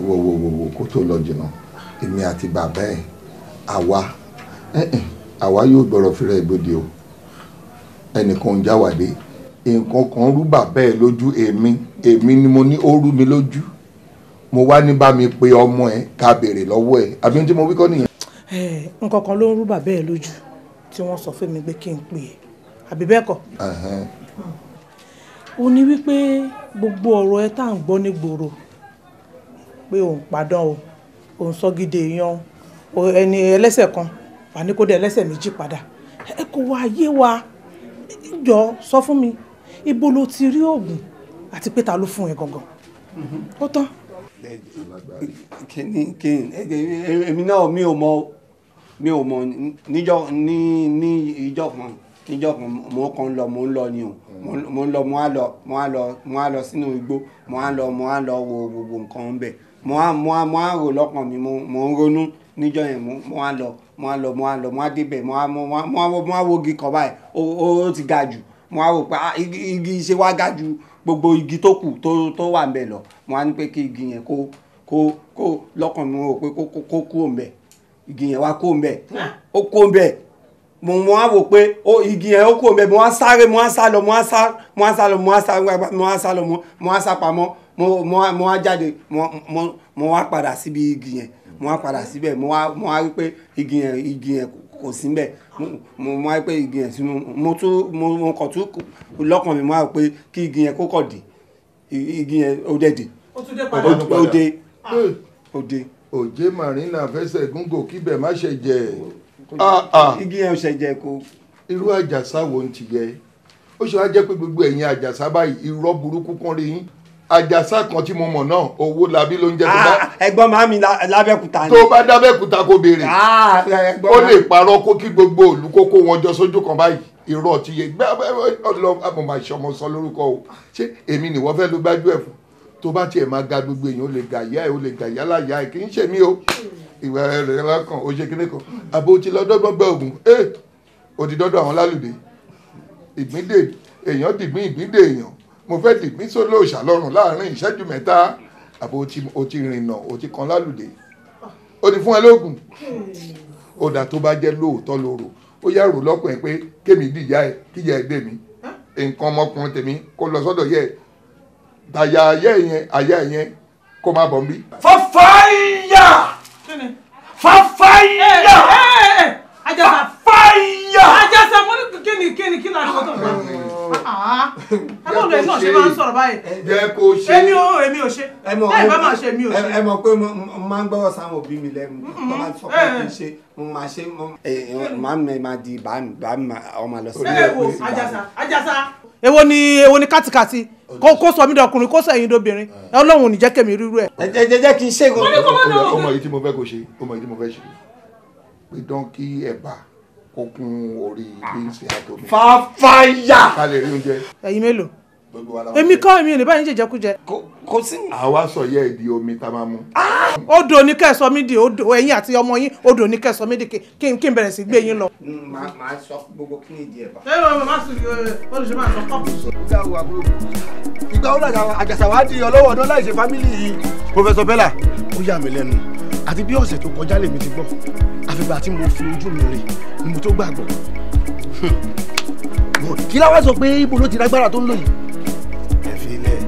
wo wo wo kó tó lọ jìnnà èmi àti bàbá ẹ àwa àwa yóò gbọ́rọ̀ fìrẹ́ ìgbòdì o ẹnìkan ń jáwàdé nǹkan kan rúbà bẹ́ẹ̀ lójú èmi èmi ni mo ní ó rú mi lójú mo wá ní bá mi pe ọmọ ẹ ká béèrè lọ́wọ́ ẹ àbí ohun tí mo wí kọ́ nìyẹn. nǹkan kan ló ń rúbà bẹ́ẹ̀ lójú tí wọ́n sọ fún mi pé kí n pè é àbí bẹ́ẹ̀ kọ́. ó ní wípé gbogbo ọ̀rọ̀ ẹ tá à ń gbọ́ ní gbòòrò pé òun pàdán òun sọ gidi èèyàn ẹni ẹlẹ́sẹ̀ kan wà ní kó dé ẹlẹ́sẹ̀ méjì padà ẹ kò wá ayé wa jọ sọ fún mi ibo ló ti rí oògùn àti pé ta ló fún ẹ gangan ó tán. kíni kíni èmi náà mi ò mọ mi ò mọ níjọ ní ní ìjọ kan níjọ kan mo kàn lọ mo ń lọ ni o mo ń lọ mo á lọ mo á lọ mo á lọ sínú igbó mo á lọ mo á lọ wo gbogbo nǹkan ń bẹ mo á mo á mo á rò lọ́kàn mi mo ń ronú níjọ yẹn mo á lọ mo á lọ mo á lọ mo á débẹ̀ mo á mo á wo igi kan báyìí ó ti ga jù mo á wò pé igi ṣe wá ga jù gbogbo igi tó kù tó wà ńbẹ̀ lọ mo á ní pé kí igi yẹn kó kó kó lọ́kàn mi wò pé kó kúrò ńbẹ̀ igi yẹn wá kó ńbẹ̀ ó kó ńbẹ̀ mo mo á wò pé ó igi yẹn ó kó ńbẹ̀ mo á sáré mo á sá lọ mo á sá mo á sá lọ mo á sá mo á sá lọ mo á sá pamọ́ mo mo á jáde mo mo wá padà síbi igi yẹn mo wá padà síbẹ̀ mo wá mo wá rí pé igi yẹn igi yẹn kò sí níbẹ̀ mo mo wá rí pé igi yẹn sí mo tún mo mo kàn tún lọ́kàn mi mo wá rí pé kí igi yẹn kó kọ̀ dé igi yẹn ó dẹ̀ dé ó dé ah. ó dé. òjé marina fẹsẹ̀ gúngò kíbẹ̀ má ṣe jẹ ah, ah. igi yẹn ò ṣe jẹ kó. irú àjàsá wo ti yẹ ó ṣe wá jẹ́ pé gbogbo ẹ̀yin àjàsá báyìí irọ́ burúkú kan rí yín àjàsá kan tí mo mọ̀ náà owó labí ló ń jẹ́ tó bá. Ah, ẹ̀gbọ́n màá mi lábẹ́kúta ni. tó bá dábẹ́kúta kó béèrè. Ah, ó lè parọ́ kó kí gbogbo òlu kó kó wọn jọ sójú kan báyìí irọ́ ti yé gbẹ́ ọlọ́mọ máa ṣe ọmọ sọ lórúkọ o ṣé èmi nìwọ́ fẹ́ ló gbájú ẹ̀ fún tó bá tiẹ̀ máa ga gbogbo èèyàn ó lè gà yá ẹ̀ ó lè gà yá láyà ẹ̀ kì í ṣe mí o ìwà rẹ̀ lọ́kàn ó ṣe kíní kan àbò tí lọ́dọ́gbọ́gbọ́ ògùn mo fẹ́ dì mí sólò ìṣàlọ́run láàrin ìṣẹ́jú mẹ́ta àbò o ti rìnà o ti kan lálùdé o ti fún ẹ lóògùn ó hmm. tó bá jẹ́ lóòótọ́ lóru ó yà rò lọ́kùnrin pé kémi dìyà ẹ kíyà ẹ dé mi nǹkan ọmọkùnrin tèmi kó lọ sọ́dọ̀ yẹ tàyà ayé yẹn ayé yẹn kó má bọ̀ nbí. fàfàyà fàfàyà fàfàyà ajásá mo ní kíni kíni kí ni àṣọ tó ẹ̀gbọ́n rẹ̀ náà ṣe máa ń sọ̀rọ̀ báyìí. jẹ́ kó ṣe èmi ò èmi ò ṣe bẹ́ẹ̀ bá máa ṣe èmi ò ṣe. ẹ mọ̀ pé máa ń gbọ́rọ̀ sáwọn òbí mi lẹ́nu tó bá sọ pé ṣe máa ṣe máa mi máa di bá ọmọ lọ sí. ẹ wo Àjàsá Àjàsá. èwo ni èwo ni kátikàti kó sọ mí dọkùnrin kó sẹyìn dóbìnrin Ọlọ́run ò ní jẹ́ kẹmí rírú ẹ. ẹ jẹ́ jẹ́ kí n ṣe. ọmọ yìí tí mo fẹ́ kó ṣe ọmọ yìí tí mo fẹ́ ṣe pé dán kí ẹ bá a okun orí bíńsì àtòmí. fàfàyà. ká lè rí oúnjẹ. ẹ̀yin mélòó. gbogbo wa la wọn. èmi kọ́ èmi ò lè báyìí jẹjẹ kú jẹ. kò sí. àwa sọ yẹ ìdí omi tá a máa mú. Ah! odò ní kẹsàn mi di odò ẹ̀yin àti ọmọ yín odò ní kẹsàn mi di kí n kí n bẹ̀rẹ̀ sí gbé yín lọ. màá sọ gbogbo kí ni ìdí ẹ̀ bá. ẹ ẹ má sùn olùsọ máa sọ kọ́ọ̀pù. ìgbà wo làjà àjàsà wa di ọlọ́wọ́ ọdún láì ṣe fámìlì yìí. Professor Bella ó yà mí lẹ́nu àti bí ọ̀sẹ̀ tó kọjá lèmi ti gbọ́ àfìgbà tí mo fi ojú mi rè ni mo tó gbàgbọ́ kí láwa sọ pé ibo ló ti lágbára tó ń lò yìí. ẹ fi ilẹ̀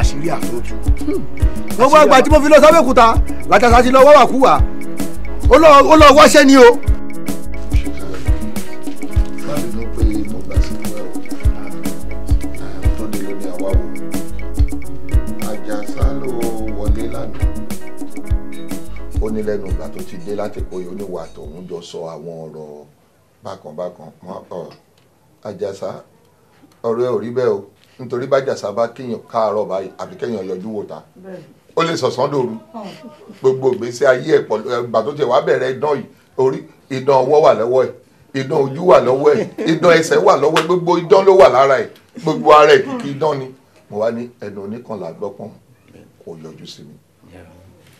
àṣírí àfojú. gbogbo àgbà tí mo fi lọ sábẹ́òkúta làtàtà ti lọ wá wàkúwà ó lọ wáṣẹ́ ni o. ó ní lẹ́nu ìgbà tó ti dé láti pòye oníwà tòun jọ sọ àwọn ọ̀rọ̀ bákanbákan àjàsá ọ̀rọ̀ ẹ̀ ò rí bẹ́ẹ̀ o nítorí bájàsá bá kéèyàn káàárọ̀ báyìí àbí kéèyàn yọjú wò ta ó lè sọ̀sán dòru gbogbo ìgbésí ayé ẹ̀ pọ̀ ìgbà tó ti wá bẹ̀rẹ̀ idán yìí orí idán ọwọ́ wà lọ́wọ́ ẹ̀ idán ojú wà lọ́wọ́ ẹ̀ idán ẹsẹ̀ wà lọ́wọ́ ẹ̀ gbogbo idán ló wà lára ẹ̀ gbogbo ara ẹ̀ kìkì idán ni mo wá ní ẹnu oníkànlá gbọ́pọ́n kò yọjú sí mi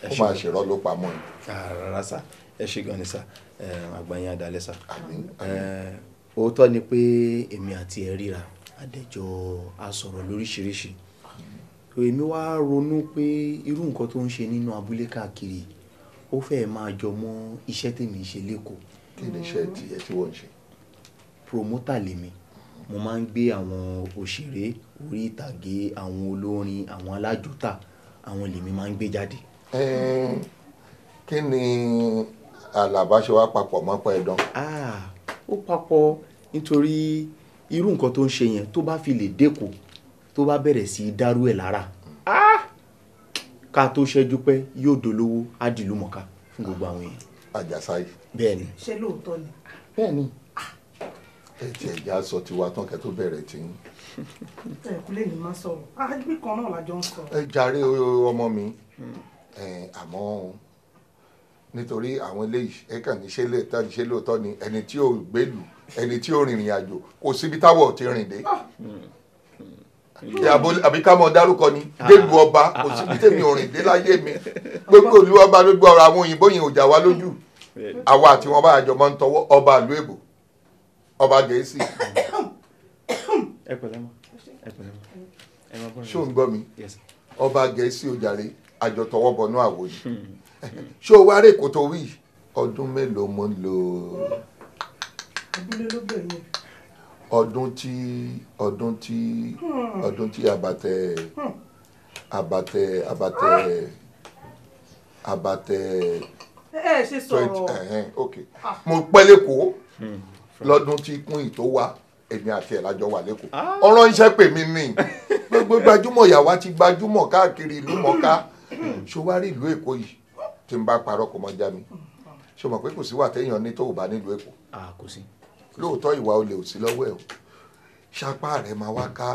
ó máa ṣèrọ́ ló pamọ́ ni. Ah, rárá sá ẹ ṣe gan ni sá àgbàyàn adalẹ sá òótọ́ ni pé èmi àti ẹ̀ ríra àdẹ̀jọ́ a sọ̀rọ̀ lóríṣiríṣi èmi wá ronú pé irú nǹkan tó ń ṣe nínú abúlé káàkiri ó fẹ́ẹ́ máa jọ mọ́ iṣẹ́ tèmi ṣe lẹ́kọ̀ọ́. kí ni iṣẹ́ tí ẹ ti wọ́n ṣe. promoter lèmi mo máa ń gbé àwọn òṣèré orí ìtàgé àwọn olórin àwọn alájọta àwọn lèmi máa ń gbé jáde kí ni Àlàbá ṣe wá papọ̀ mọ́ pẹ̀dán. ó papọ̀ nítorí irú nǹkan tó ń ṣe yẹn tó bá fi lè dẹ́kọ̀ tó bá bẹ̀rẹ̀ sí í dárú ẹ̀ lára ká tó ṣẹ́jú pẹ́ yóò dolówó á dìlú mọ̀ká fún gbogbo àwọn èèyàn. àjàsáyé. bẹ́ẹ̀ni. ṣé lóòótọ́ ni. bẹ́ẹ̀ni. ẹ ti ẹja sọ tiwa tán kẹ́ tó bẹ̀rẹ̀ tí ń. ẹ kúlẹ̀ ní má sọ̀rọ̀ àdúgbò ah, kan náà la ń sọ. ẹ jàre ọmọ mi. Hmm. Eh, àmọ́ nítorí àwọn eléyìí ẹ kàn ní ṣe lóòótọ́ ní ṣe lóòótọ́ ni ẹni tí ò gbèlú ẹni tí ò rìnrìn àjò kò síbi táwọ̀ ti rìn dé ah! àbí ká mọ dárúkọ ni délùú ah. ọba kò síbi tèmi ò rìn dé láyé mi gbogbo ìlú ọba ló gbọ́ ọ̀rọ̀ àwọn òyìnbó yìí ò jà wá lójú àwa àti wọn bá àjọ máa ń tọwọ́ ọba ìlú èbò ọba gẹ̀ẹ́sì. ṣé ò ń gbọ́ mi ọba gẹ̀ẹ́sì ò jàre àjọ tọwọ́ bọnú yìí hmm. ṣé o wá rí èkó tó wí ọdún mélòó mo ń lò ọdún tí ọdún tí hmm. ọdún tí abatẹ hmm. abatẹ abatẹ abatẹ ẹ ṣe ah. mo pẹ́ lẹ́kọ̀ọ́ lọ́dún tí kún ìtó wà èmi àti ẹ̀ lájọ wà lẹ́kọ̀ọ́ ah. ọ̀rọ̀ iṣẹ́ pè mí ní gbogbo gbajúmọ̀ ìyàwó àti gbajúmọ̀ káàkiri ìlú mọ̀ká. Hmm. ṣòwárí ìlú èkó yìí tí n bá parọ́ kò mọ́ já mi ṣe mọ̀ pé kò sí wà téèyàn ní tó ò bá nílùú èkó ah, lóòótọ́ ìwà olè ò sí lọ́wọ́ ẹ̀ o ṣapá rẹ̀ máa wá ká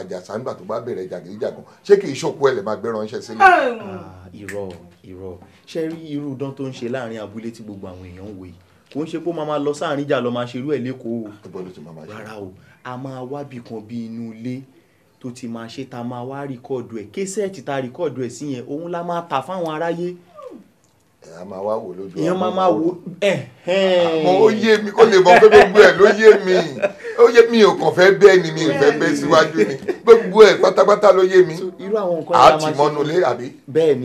àjàsá nígbà tó bá bẹ̀rẹ̀ jàgídíjàgan ṣé kì í ṣòkú ẹ̀ lè máa gbé ránṣẹ́ sílẹ̀. Hmm. Ah, irọ́ irọ́ ṣe rí irú dán tó ń ṣe láàrin abúlé tí gbogbo àwọn èèyàn ń wò kò ń ṣe pé máa lọ sáàrin ìjà lọ máa ṣerú ẹ̀ lẹ́kọ̀ọ́ rárá o a máa wábì kan bí inú ilé tó ti máa ṣe tá a máa wá rìkọ́ọ̀dù ẹ̀ késẹ́ẹ̀tì tá a rìkọ́ọ̀dù ẹ̀ sí yẹn òun la máa ta fáwọn aráyé. èèyàn máa wá wò lójú àwọn máa máa wò ẹ. àmọ́ ó yé mi kó lè mọ pé gbogbo ẹ̀ ló yé mi ó yé mi ò kàn fẹ́ bẹ́ẹ̀ ni mi ò fẹ́ bẹ́ẹ̀ síwájú ni gbogbo ẹ̀ pátápátá ló yé mi. irú àwọn nǹkan yẹn la máa ṣe àtìmọ́nulé àbí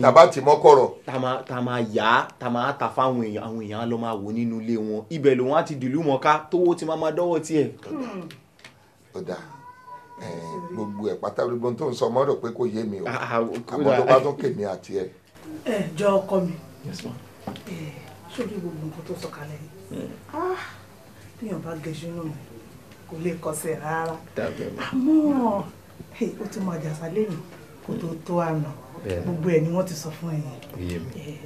tàbá tìmọ́ kọ̀rọ̀. tá máa yá tá máa tà fáwọn èèyàn àwọn èèyàn lọ máa wò nínú ilé wọn ibẹ̀ lòun á ti dìlú mọ́ká tówó ti máa máa dọ́wọ́ tiẹ̀. ó dáa Eh, gbogbo ẹ̀ pátá gbogbo tó ń sọ ọmọ rò pé kò yé mi o ah, ah, àmọ́ tó bá tún kèmí àti ẹ. ẹ eh, jọ ọkọ mi sórí eh, gbogbo nǹkan tó sọ kalẹ̀ yìí ah, bíyàn bá gẹ̀ẹ́sì nù mí kò lè kọsẹ̀ rárá àmọ́ ó tún máa jàsá lẹ́yìn kó tó tó àná gbogbo ẹ ni wọn ti sọ fún ẹ̀yin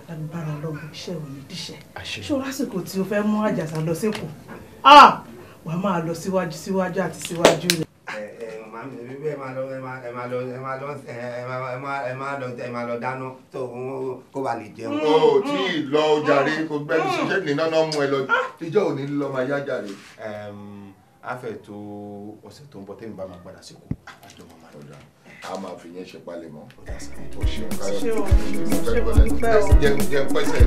lágbára ọlọ́gbọ́n iṣẹ́ ò ní díṣẹ́ ṣó lásìkò tí o fẹ́ mú àjàsà lọ sí Èkó wàá máa lọ síwájú síwájú àti síwájú rẹ màmí ẹbí bẹ́ẹ̀ máa lọ ẹ máa lọ ẹ máa lọ ẹ máa lọ ẹ máa lọ dáná tó kó ba lè jẹun. o tí ì lọ o jàre kò gbẹ́ni ṣiṣẹ́ ní náná mú ẹ lọ tíjọ́ ò ní lọ máa yá jàre. a fẹ́ tó ọ̀sẹ̀ tó ń bọ̀ tẹ́mi bá máa padà sí kú àjọ màmá rẹ̀. a máa fi yẹn ṣe palẹ̀ mọ́. o ṣeun káyọ̀ o ṣeun pẹ́sẹ̀.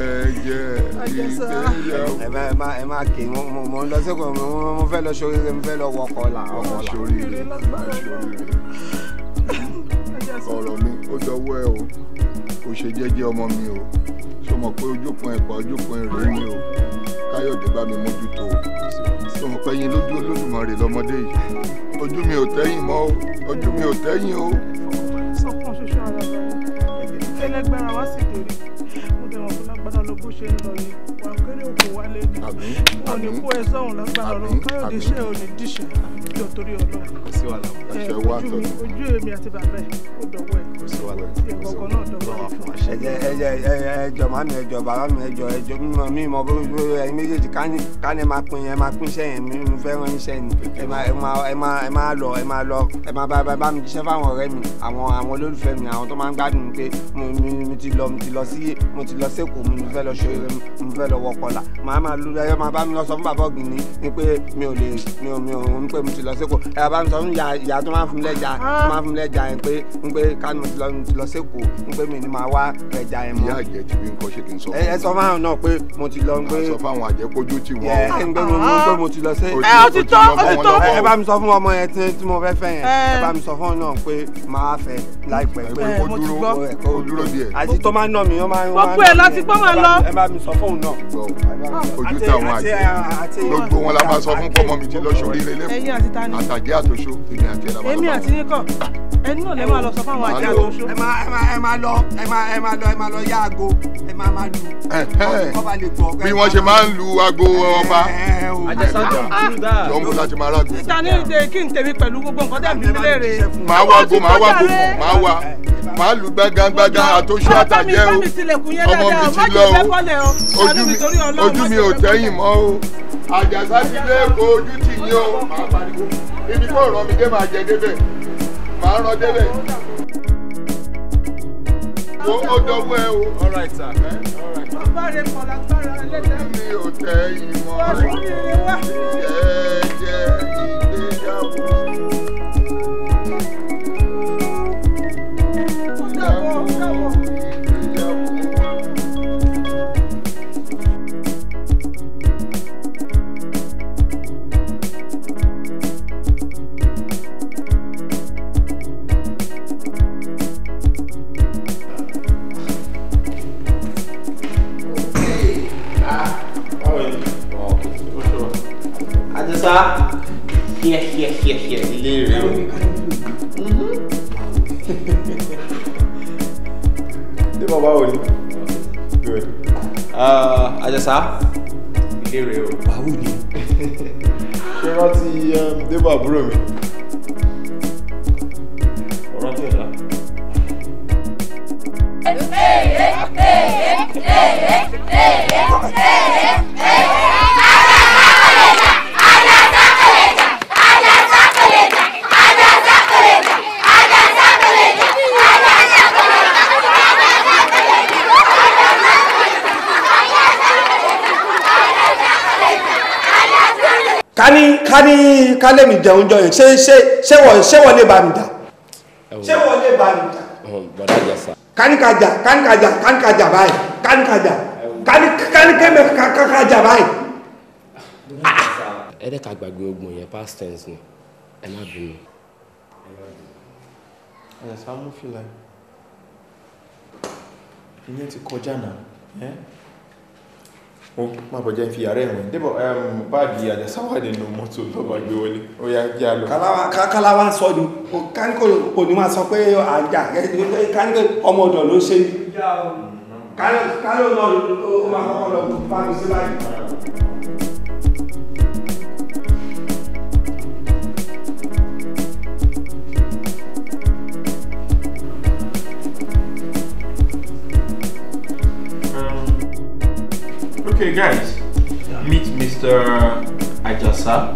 ẹ má ẹ má ẹ má kì í mo mo lọ sí kò mo mo fẹ́ lọ sóríire mo fẹ́ lọ wọ ọkọ là ọkọ là. sóríire sóríire ọ̀rọ̀ mi ó dọwọ́ ẹ o kò ṣe jẹ́jẹ́ ọmọ mi o ṣe mọ̀ pé ojúkun ẹ̀pà ojúkun ẹ̀rẹ́ mi o káyọ̀dé bá mi mójútó o mo pẹ́ yín lójú olódùmarè lọ́mọdé yìí ojú mi ò tẹ́yìn mọ́ o ojú mi ò tẹ́yìn o. sọkàn ṣoṣo ara rẹ ẹgbẹ́ tẹ́lẹ́gbẹ́ra wá sí kiri mo dẹ̀ wọ́n fún lágbádá lọ bó ṣe ń lọ yìí lé wọn ní kó ẹ sọ̀rùn lágbára lọ káyọ̀dé ṣe ò ní díṣẹ́ jọ torí Ọlọ́run kò sí wàhálà àṣẹ wa tọ ojú èmi àti bàbá ẹ ó dọ́wọ́ ẹ kò sí wàhálà ìkọkọ náà dọ́wọ́ ẹ fún àṣẹ. ẹjẹ ẹjẹ ẹjọ màá mi ẹjọ bàbá mi ẹjọ ẹjọ mímọ mímọ bó ẹyin méjèèjì káni máa pin ẹ máa pin iṣẹ́ yẹn mi mo fẹ́ràn iṣẹ́ ni ẹ máa ẹ máa lọ ẹ máa lọ ẹ máa bá bá mi jíṣẹ́ fáwọn ọ̀rẹ́ mi àwọn àwọn olólùfẹ́ mi àwọn tó máa ń gbádùn mi pé mo ti lọ mo ti lọ sí mo ti lọ sẹ́kọ̀ọ́ mo fẹ́ lọ ṣe mo fẹ́ lọ wọkọ̀ọ̀la màá máa lu ẹ máa bá mi lọ sọ fún bàbá ọ̀gbìn ni pé mi ò lè mi ò mi ò ń pè mo ti lọ lọ sẹ́kọ̀ọ́ ẹ̀ bá mi sọ fún ìyá tó máa ń fún mi lẹ́jà ah. máa ń fún mi lẹ́jà yẹn pé ń pé kánú ti lọ ti ń pé mi ni màá wá ẹja yẹn mọ́. ìyá àjẹ́ ti fi ń ṣe kí n sọ ẹ sọ fáwọn náà pé mo ti lọ pé. sọ fáwọn àjẹ́ kojú ti wọ́n. ẹ ń gbé mi mo ti lọ sí. ẹ eh, ó ti tọ́ ó ti tọ́. ẹ bá mi sọ fún ọmọ yẹn tí mo fẹ́ fẹ́ yẹn eh. ẹ bá mi sọ fún ọ náà pé máa fẹ́ láìpẹ́. ẹ eh, ẹ ta ni. àtàjẹ́ àtòṣó èmi àti ẹ̀rọ àbálòpọ̀. èmi àti yín kọ ẹni náà lè máa lọ sọ fáwọn àjẹ́ àtòṣó. ẹ máa ẹ máa lọ ẹ máa ẹ máa lọ ẹ máa lọ yá aago ẹ máa máa lu ọba lè gbọ́. bí wọ́n ṣe máa ń lu aago ọba. àjẹsánjọ ló ń bọ̀ láti máa rágùn. níta ní ìdè kí n tèmi pẹ̀lú gbogbo nǹkan tẹ̀ mí nílé rè. máa wá aago máa wá aago máa wá máa lu gbángangba àtòṣó àtàjẹ́ o ọmọ mi ti lọ o ojú mi ò tẹ́yìn mọ́ o àjàsá ti dé ojú tì ní o máa pariwo ibi tó rán mi dé máa jẹ débẹ̀ máa rán débẹ̀. wo ó dọwọ́ ẹ o. all right sir. bàbá rẹ lẹ́tà. mi ò tẹ ìmọ̀ jẹ́jẹ́ ìgbéyàwó. sir. Here, here, here, here. Ilé rẹ̀ o. Ṣé bàbá wò ni? Good. Àjẹsà, aja sa? o. Báwo ni? Ṣé rántí Débà àbúrò mi? ní kálẹ̀mì jẹun jọ yẹn ṣé ṣé ṣé wọ́n ṣé wọ́n lè bá mi jà ṣé wọ́n lè bá mi jà. bọ́dá jà sá. káníkàjà káníkàjà káníkàjà báyìí káníkàjà káníkẹ́mẹ̀ káníkàjà báyìí. ẹ dẹ́ ká gbàgbé ogun yẹn past tense ni ẹ má bínú. ẹ sá mú fìlà ìyẹn ti kọjá náà ó má bọ̀ jẹ́ fi ààrẹ ìwọ̀n débọ̀ báàgì àjẹsáwà nínú mọ́tò tó bá gbé wọlé ó yá jẹ́ àlọ́. káláwa sọ ni káníkò kò ní máa sọ pé àjà káníkò ọmọ ọ̀dọ̀ ló ṣe ní. káníkò náà ó máa kọ́kọ́ lọ Okay, guys, meet Mr. Ajasa.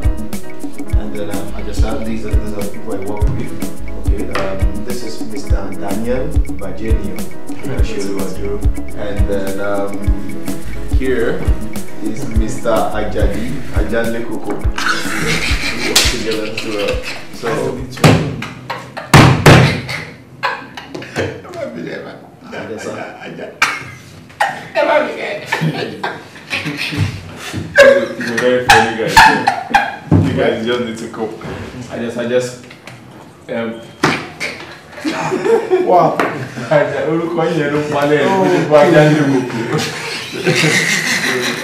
And then um, Ajasa, these are, these are people I work with. Okay, um, this is Mr. Daniel Bajenio. i show you And then um, here is Mr. Ajadi Ajani Kuku. we work together as well. So political. I just, I just, um, wow. Orúkọ yẹn ló palẹ̀ oh, ló ti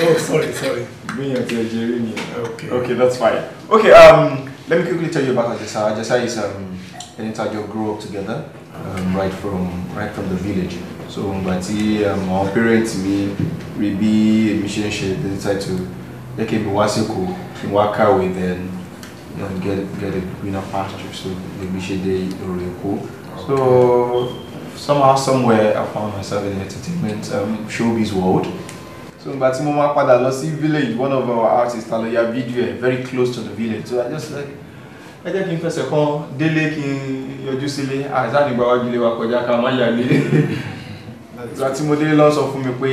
Oh, sorry, sorry. Gbìyànjú ti ẹ̀jẹ̀ Okay. Okay, that's fine. Okay, um, let me quickly tell you about Ajasa. Ajasa is um, ẹni tá a grow up together um, right from right from the village. So ìgbà tí our um, parents we, we be èmi ṣe ń ṣe they decide to jẹ́ kí èmi wá sí Èkó then and get get a greener pasture. So maybe she did Oreko. So somehow somewhere I found myself in the entertainment um, showbiz world. So but mo máa padà lọ village one of our artists Aloya video eh, very close to the village. So I just like ẹ jẹ́ kí n fẹsẹ̀ kan délé kí n yọjú sílé àìsàn ìgbà wájú lé wa kọjá ká má yà lé. Ìgbà tí mo délé lọ fún mi pé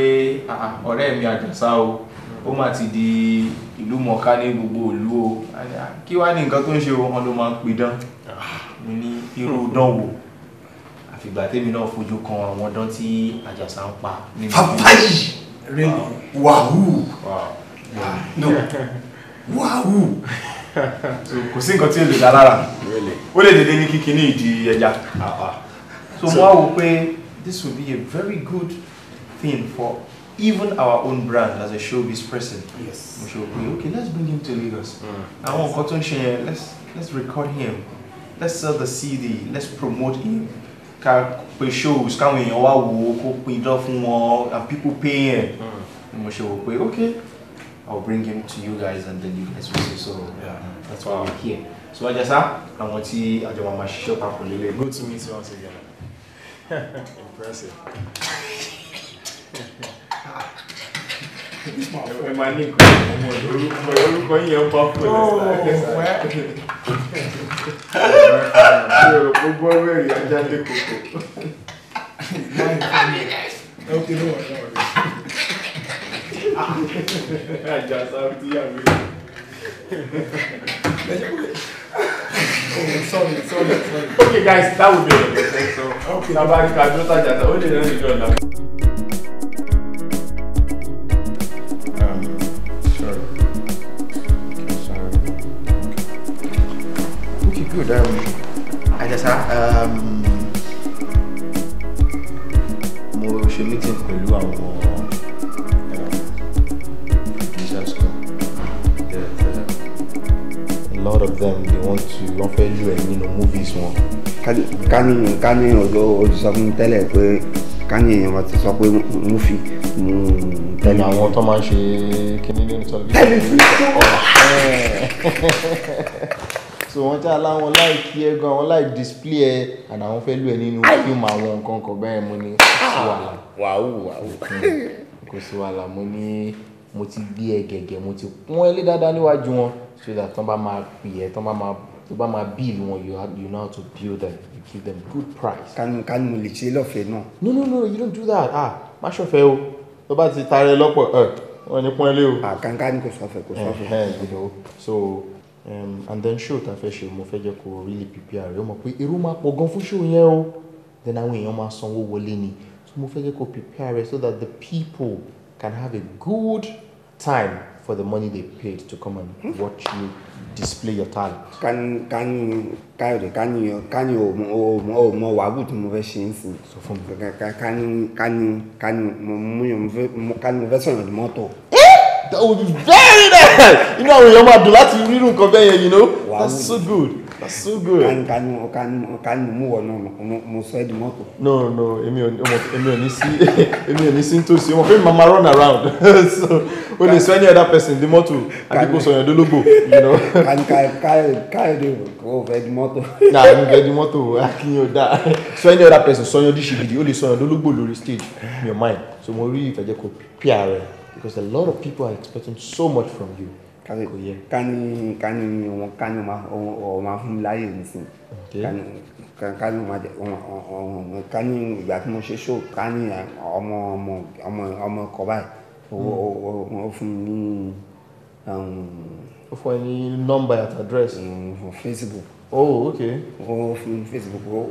ọ̀rẹ́ mi àjàsá o ó mà ti di ìlú mọ̀ká ní gbogbo ìlú o kí wá ní nǹkan tó ń ṣe wọn ló máa ń pidán mo ní irú dán wò àfìgbà tèmi náà fojú kan àwọn dán tí àjàsà ń pa. fàbáyì rẹ wàhù wàhù kò sí nǹkan tí ó dá lára ó lè dédé ní kíkí ní ìdí ẹja ah, ah. so mo wá wò pé this will be a very good thing for even our own brand as a showbiz person. Yes. We should be, okay, let's bring him to Lagos. Mm. I want Cotton Share, let's, let's record him. Let's sell the CD, let's promote him. Ká shows, Come èèyàn wá wò and people pay him. Ni mm. mo okay, I'll bring him to you guys and then you guys will see. So yeah, that's why I'm here. So i Ajasa, to see àjọmọ̀ máa up papọ̀ lélẹ̀. Good to meet you once again. Impressive. ẹ máa ní nǹkan ọmọ ìlórúkọ ìlórúkọ yìnyẹn bá fún ẹ lẹsà yóò kó gbọ́ wẹ̀rì ajá lé koko. ajá sáfì àmì. Oh, sorry, sorry, sorry. Okay, guys, that would be it. So, okay. Now, back to Kajota Jata. Only then we go now. Àjàsá um, mo ṣe meeting pẹ̀lú àwọn uh, producers kan a lot of them they want to wọ́n fẹ́ lù ẹ̀ nínú movies wọn. ká ní ká ní ọjọ́ olùsọfún tẹ́lẹ̀ pé ká ní èèyàn ti sọ pé múfì mú tẹ́lẹ̀. àwọn tó máa ń ṣe kíní nínú tẹlifíṣàn. tẹlifíṣàn so wọ́n tí aláwọn láìkí ẹ gan àwọn láì display ẹ and àwọn fẹ́ lù ẹ nínú fíìmù àwọn nǹkan kan bẹ́ẹ̀ mo ní sí ah. wàhálà wàhù wàhù kò sí wàhálà mo ní mo ti gbé ẹ gẹ̀gẹ̀ mo ti pọ́n ẹ lé dáadáa níwájú wọn so that tán bá máa pè ẹ tán bá máa tó bá máa bill wọn you have you know how to build them you give them good price. kanu kanu lè ṣe lọ́fẹ̀ẹ́ náà. no no no you don't do that ah má ṣọ̀fẹ́ o tó bá ti tarẹ lọ́pọ̀ ẹ eh, wọ́n ní pọ́n ẹ lé o. àkàǹkà ah, ni kò sọ̀fẹ̀ kò sọ̀fẹ̀. so and then show ta fẹ́ ṣe mo fẹ́ jẹ́ kó really prepare rẹ o mọ̀ pé èrò máa pọ̀ gan fún show yẹn o then àwọn èèyàn máa sanwó wọlé ni so mo fẹ́ jẹ́ kó prepare rẹ so that the people can have a good time for the money they paid to come and watch you display your talent. kánú káyọ̀dé kánú kánú ò mọ wàhálù tí mo fẹ́ ṣe ń sìn. sọ fún mi. kánú kánú kánú mo fẹ́ sọ̀rọ̀ mọ́tò that would be very nice inú àwọn èèyàn máa dùn láti rírun nǹkan bẹ́ẹ̀ here. you know that's so good that's so good. Can can kanu mú wọ náà mo sọ ẹ di mọ́tò. no no Emi ò èmi ò ní sí èmi ò ní sí nítòsí mama run around so o lè sọ any other person the di mọ́tò àbí kò You know. Can can can can fẹ́ di mọ́tò. na Nah, fẹ́ di mọ́tò akínyìn ò dáa sọ any other person sọ yàn díṣìgìdì o lè sọ yàn dólógbò lórí stage in your mind so mo rí ìfẹ̀jẹ̀ kò pí ààrẹ because a lot of people are expecting so much from you. kò yẹ. kání kání wọn kání wọn máa fún mi láyè nísìn kání kání wọn jẹ kání ìgbà tí mo ṣe ṣó kání ọmọ ọmọ ọmọ ọmọ ẹkọ báyìí hmm. ó fún mi ní. Um, ó fún ẹ ní at address. àdírẹ́sì. Um, Facebook. oh okay. ó fún mi Facebook ó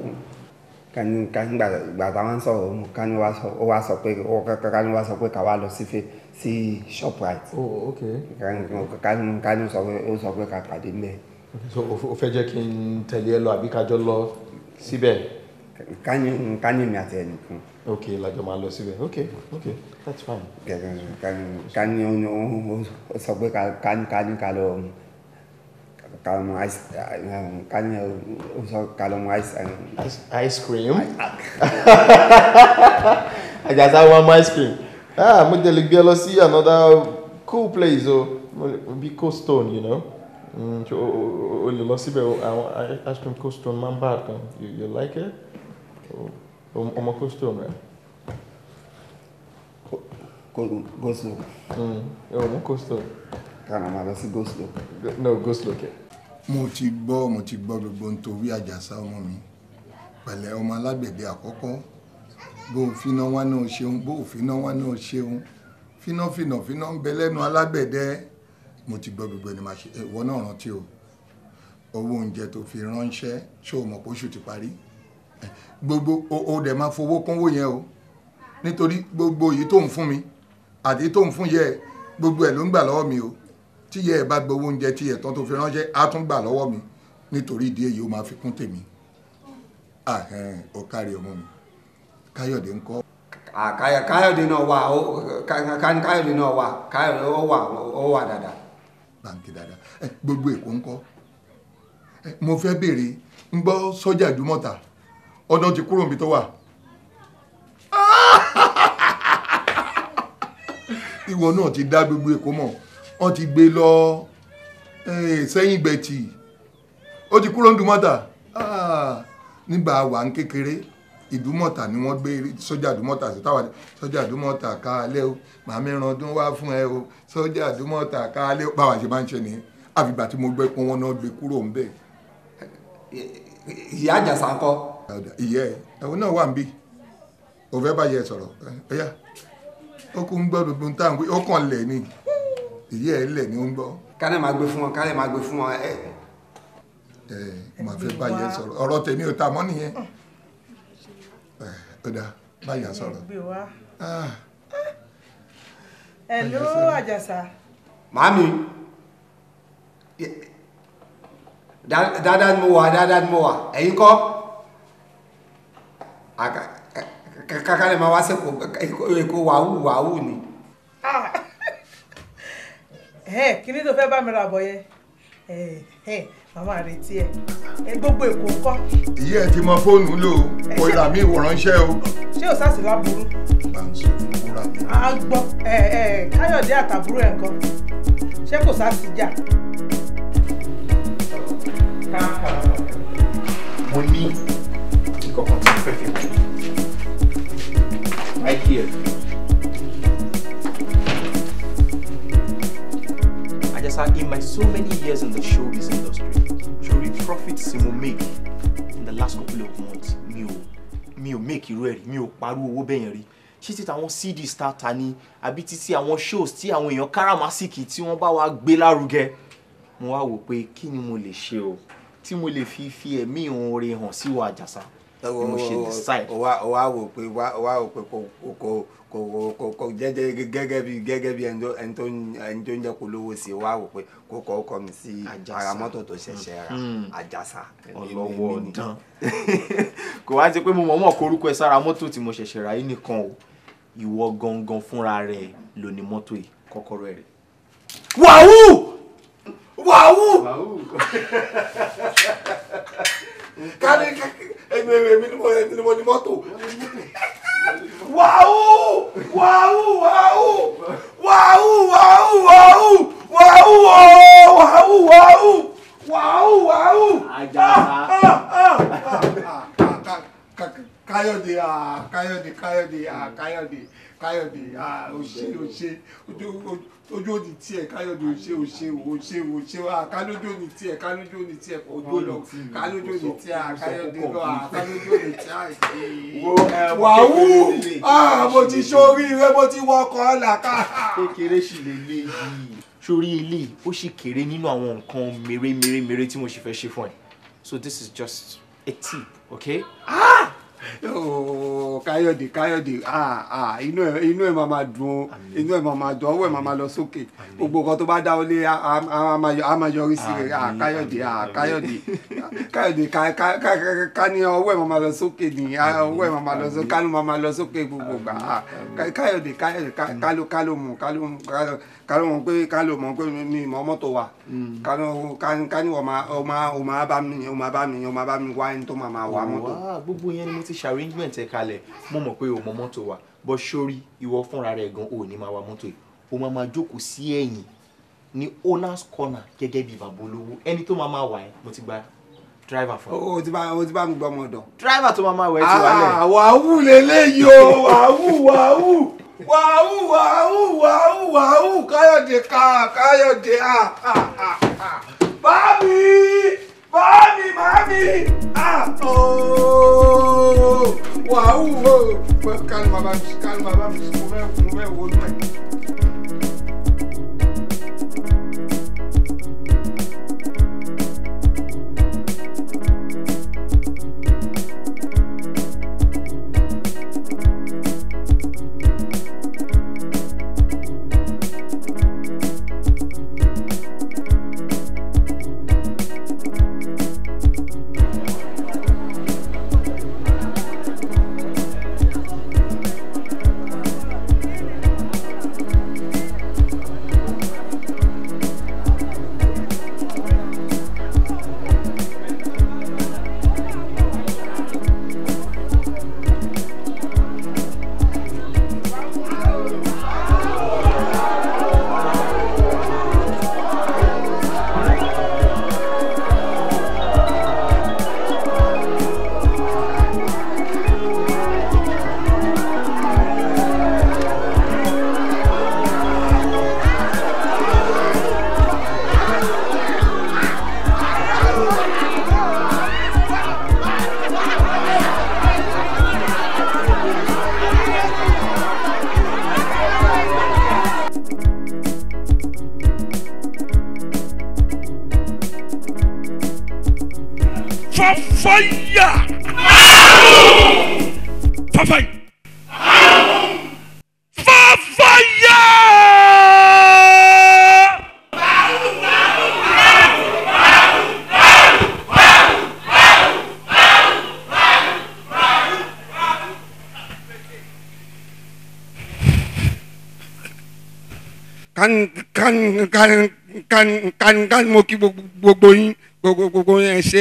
kání kání gbàtà wọn sọ̀rọ̀ kání wá sọ pé kání wá sọ pé ká wá lọ sí fẹ́ sí shoprite. oh ok. kánú kánú sọ pé ó sọ pé ká pàdé mẹ́. so o fẹ́ jẹ́ kí n tẹ̀lé ẹ lọ àbí kájọ lọ síbẹ̀. kánú kánú mi àti ẹnìkan. ok làjọ máa lọ síbẹ̀ ok ok that's fine. kánú kánú ó sọ pé kánú kánú ká lọ kálọ̀mù ice um, kálọ̀mù ó sọ kálọ̀mù um, ice. ice cream. Àjàsá wa mú ice cream ah mo dẹ̀ lè gbé ẹ lọ another cool place o bí Cold Stone you know mm, o lè lọ síbẹ̀ àwọn ice cream Cold Stone máa ń bá you like it ọmọ Cold Stone right? Go slow. ọmọ Cold Stone. kàrà máa lọ sí go slow. no go slow kẹ. mo ti gbọ́ mo ti gbọ́ gbogbo nítorí àjàsá ọmọ mi pẹ̀lẹ́ ọmọ alágbẹ̀dẹ àkọ́kọ́ bó o finá wọn náà ṣeun bó o finá wọn náà ṣeun fínáfínà fíná ń bẹ lẹ́nu alágbẹ̀dẹ mo ti gbọ́ gbogbo ẹni máa ṣe ìwọ náà rántí o owó oúnjẹ tó fi ránṣẹ́ ṣó o mọ̀ pé oṣù ti parí gbogbo o dẹ̀ máa fowó kúnwó yẹn o nítorí gbogbo yìí tó ń fún mi àti tó ń fún yẹ gbogbo ẹ̀ ló ń gbà lọ́wọ́ mi o tí yẹ ẹ bá gbowó oúnjẹ tí yẹ tán tó fi ránṣẹ́ á tún gbà lọ́wọ́ mi nítorí ìdí èyí ó máa fi kún tèmi ọ̀kárí ọmọ mi káyọ̀dé ń kọ́. káyọ̀dé náà wà káyọ̀dé náà wà káyọ̀dé ó wà ó wà dáadáa. báńkì dáadáa gbogbo èkó ń kọ́ mo fẹ́ béèrè ń gbọ́ sọ́jà ìdúmọ̀ta ọdún ti kúrò níbi tó wà. ìwọ náà ti dá gbogbo èkó mọ̀ wọ́n ti gbé lọ sẹ́yìn gbẹ̀tì ó ti kúrò ń dùmọ̀ta ah, nígbà wà ń kékeré ìdúmọ̀tà ni wọ́n gbé sọ́jà ìdúmọ̀tà sí táwa sọ́jà ìdúmọ̀tà káalẹ́ o màmí randún wá fún ẹ o sọ́jà ìdúmọ̀tà káalẹ́ o báwa ṣe máa ń ṣe nìyẹn àfìgbà tí mo gbé pé wọ́n náà gbé kúrò ń bẹ̀. ìyá àjàsà kọ. ìyá ẹ ẹ̀wọ̀n náà wà ń bí o fẹ́ bá sọ̀rọ̀ ẹ̀yà ó kún gbọ́ gbogbo táwọn ó kàn lẹ̀ ni ìyá ẹ lẹ̀ ni ó ń gbọ́. kálẹ̀ máa gbé fún wọn kálẹ̀ máa gbé fún wọn ẹ. ẹ màá fẹ́ bá sọ̀rọ̀ ọ̀rọ̀ tèmi ò ta mọ́ nìyẹn tọ́da báyà sọ̀rọ̀. ẹ ah. ló àjàsà. màámi dáadáa ni mo wà dáadáa ni mo wà ẹ̀yin kọ́ kakalẹ̀ máa wá sẹ́kọ̀ọ́ èkó wàhù wàhù ni. ẹ ah. eh, kí ni tó fẹ́ bá mi ra àbọ̀ yẹn. Eh, eh àwọn àrètí ẹ ẹ gbogbo èkó ńkọ́. ìyá ẹ ti mọ fóònù lò ó kò ìlà mi wò ránṣẹ́ o. ṣé o sá láburú. bá ń sọ fún wúrà mi. a gbọ́ ẹ ẹ káyọ̀dé àtàbúrò ẹ̀ kan ṣé kò sá jà. mo ní ìkọ̀kan tí mo fẹ́ fi wọ́n. right here. in my so many years in the showbiz industry, profit tí mo make in the last couple of months mi ò mi ò make irú ẹ̀ rí mi ò parú owó bẹ́yẹn rí ṣé ti tàwọn cd star ta ni àbí títí àwọn shows tí àwọn èèyàn káràmásìkì tí wọ́n bá wa gbé lárugẹ mo wá wò pé kí ni mo lè ṣe o tí mo lè fi fi ẹ̀mí oore hàn sí wa àjàsà ni mo ṣe decide. ọwọ́ àwò pé kò kò kò kò kò jẹ́jẹ́ gẹ́gẹ́ bí gẹ́gẹ́ bí ẹni tó ẹni tó ẹni tó ń jẹ́ polówó sí wa wò pé kó kọ́ ọkọ mi sí ara tó ṣẹ̀ṣẹ̀ ra hmm. àjàsà ọlọ́wọ́ dán kò wá ti pé mo mọ̀ọ́mọ̀ korúkọ ẹ sára mọ́tò tí mo ṣẹ̀ṣẹ̀ ra yìí nìkan o ìwọ gangan fúnra rẹ ló ní mọ́tò yìí kọ́kọ́rọ́ rẹ̀. wàhù wàhù. moto. kárí ẹ̀mí ẹ̀mí ni mo ní mọ́tò. wàhù wàhù wàhù wàhù wàhù ah, wàhù wàhù wàhù wàhù ah, káyọ̀dé káyọ̀dé káyọ̀dé káyọ̀dé ah, ó ṣe ó ṣe ojú ojú ojú òní tiẹ̀ káyọ̀dé òṣè òṣè òṣè òṣè wa kálójú òní tiẹ̀ kálójú òní tiẹ̀ kò dó lọ kálójú òní tiẹ̀ káyọ̀dé lọ kálójú òní tiẹ̀ àìsè. wàhù mo ti ṣoríire mo ti wọkọ̀ ọ̀là ká. kékeré sì lè lé yìí. sórí eléyìí ó sì kéré nínú àwọn nǹkan mèremèremère tí mo sì fẹ́ ṣe fún ẹ so this is just a tip okay. Ah! káyọ̀dé káyọ̀dé inú ẹ̀ inú ẹ̀ máa ma dùn o inú ẹ̀ máa ma dùn ọwọ́ ẹ̀ máa ma lọ sókè gbogbo nǹkan tó bá dáwọ́ lé a máa yọrí sí rẹ̀ káyọ̀dé káyọ̀dé káyọ̀dé ká ní ọwọ́ ẹ̀ máa ma lọ sókè ní ọwọ́ ẹ̀ máa ma lọ sókè káló máa ma lọ sókè gbogbo gbà káyọ̀dé káyọ̀dé káló káló mú káló mú káló káló mọ̀ pé káló mọ̀ pé mi mọ̀ mọ́tò wa mm. káló kání ọmọ ọmọ ọmọ abámi ọmọ abámi ọmọ abámi wá ẹni tó máa wà mọ́tò. gbogbo yẹn ni mo ti oríṣiríṣi arrangement ẹ̀ kalẹ̀ mo mọ̀ pé o mọ mọ́tò wa bọ́ sórí ìwọ fúnra rẹ̀ gan o ní máa wa mọ́tò yìí o máa máa jókòó sí ẹ̀yìn ní owners corner gẹ́gẹ́ bí bàbá olówó ẹni tó máa máa wà ẹ́ mo ti gba driver fún ọ. o ti bá o ti bá mi gbọ́ ọmọ ọ̀dọ̀. driver tó máa máa wẹ̀ ẹ́ ti wà lẹ̀. Ah, wàhù lélẹ́yìí o wàhù wàhù wàhù wàhù wàhù wàhù káyọ̀dé ká káyọ̀dé à à à bá mi. Mami, mami! Ah, oh! màámi! Wàá wù ó! mami. bàbá mi, kálí bàbá mi, mo fẹ́ wo náà. ká ní mo kí gbogbo yín gbogbo yẹn ṣe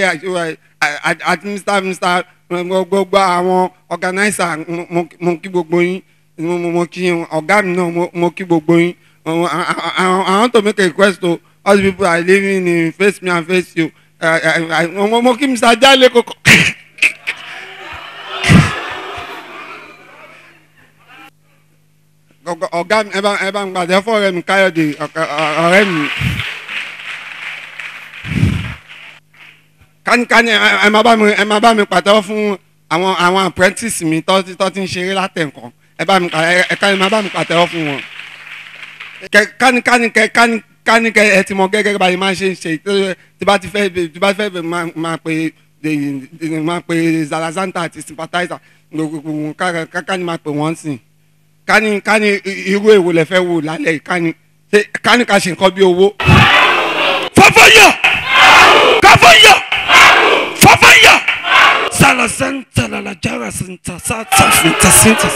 àti mr mr gbogbo àwọn organizer mo kí gbogbo yín mo kí ọ̀gá mi náà mo kí gbogbo yín I want to make a request to all the people I live in face me and face you mo kí mr Jale koko. ọ̀gá mi ẹ bá ẹ bá ń gbàdé fún ọ̀rẹ́ mi káyọ̀dé ọ̀rẹ́ mi. kánikáni ẹ máa bá mi ẹ máa bá mi pàtẹ́wọ́ fún àwọn àwọn apprentice mi tó ti tó ti ń ṣeré látẹ̀kọ́ ẹ bá mi ẹ káni máa bá mi pàtẹ́wọ́ fún wọn. kánikáni kẹ kánikáni kẹ ẹ ti mọ gẹ́gẹ́ báyìí máa ṣe ń ṣe tí bá ti fẹ́ tí bá ti fẹ́ máa pe máa pe zalazanta àti sympathizer kánikáni máa pe wọ́n sìn kání kání irú èwo lẹ fẹ́ wò lálẹ́ yìí kání kání ká ṣe nǹkan bí owó. fọfọyọ káfọyọ fọfọyọ salasẹntalalajára sintasasintasintasinta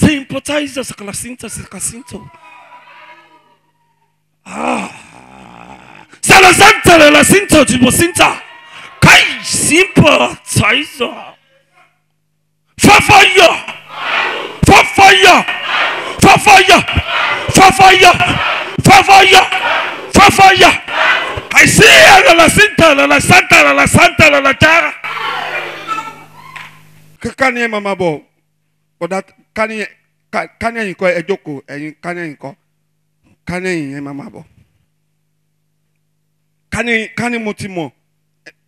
sympathizer sakalasintasintasinto ah! salasẹntalalasintasintasinta kai sympathizer. Fafaya, fafaya, fafaya, fọ́fọ́yọ̀ fọ́fọ́yọ̀ fọ́fọ́yọ̀ àìsí àlàlàsíntà àlàlàsántà àlàlàsántà àlàlàtà. kíkànnì ẹ̀ màmá bọ̀ ọ̀dà kànnì ẹ̀ kánì ẹ̀yin kọ́ ẹ jókòó ẹ̀yin kánì ẹ̀yin kọ́ kánì ẹ̀yin ẹ má má bọ̀ kánì kánì mo ti mọ̀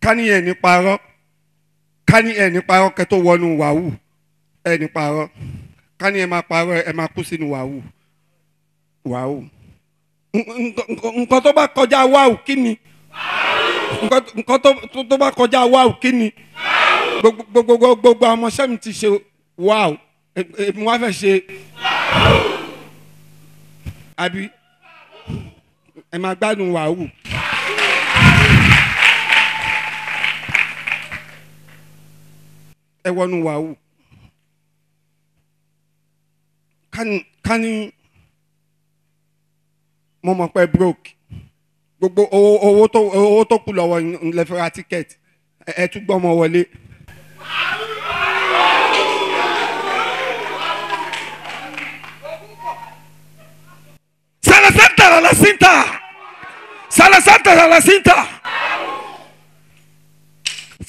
kánì ẹ ní e parọ́ kánì ẹ ní e parọ́ kẹtó wọnú wàhù ẹni parọ́ ká ní ẹ máa parọ́ ẹ máa kú sínú wàhù wàhù nǹkan tó bá kọjá wàhù kí ni nǹkan tó bá kọjá wàhù kí ni gbogbo gbogbo mi ti ṣe wàhù èmi wá fẹ́ ṣe àbí ẹ máa gbádùn wàhù. ẹ wọnú wàhù. ká ní mo mọ̀ pé broke gbogbo owó tó owó tó kù lọ́wọ́ lè fẹ́ ra tíkẹ́ẹ̀tì ẹ tún gbọ́ ọmọ wọlé. Salazar a la cinta Salazar a la cinta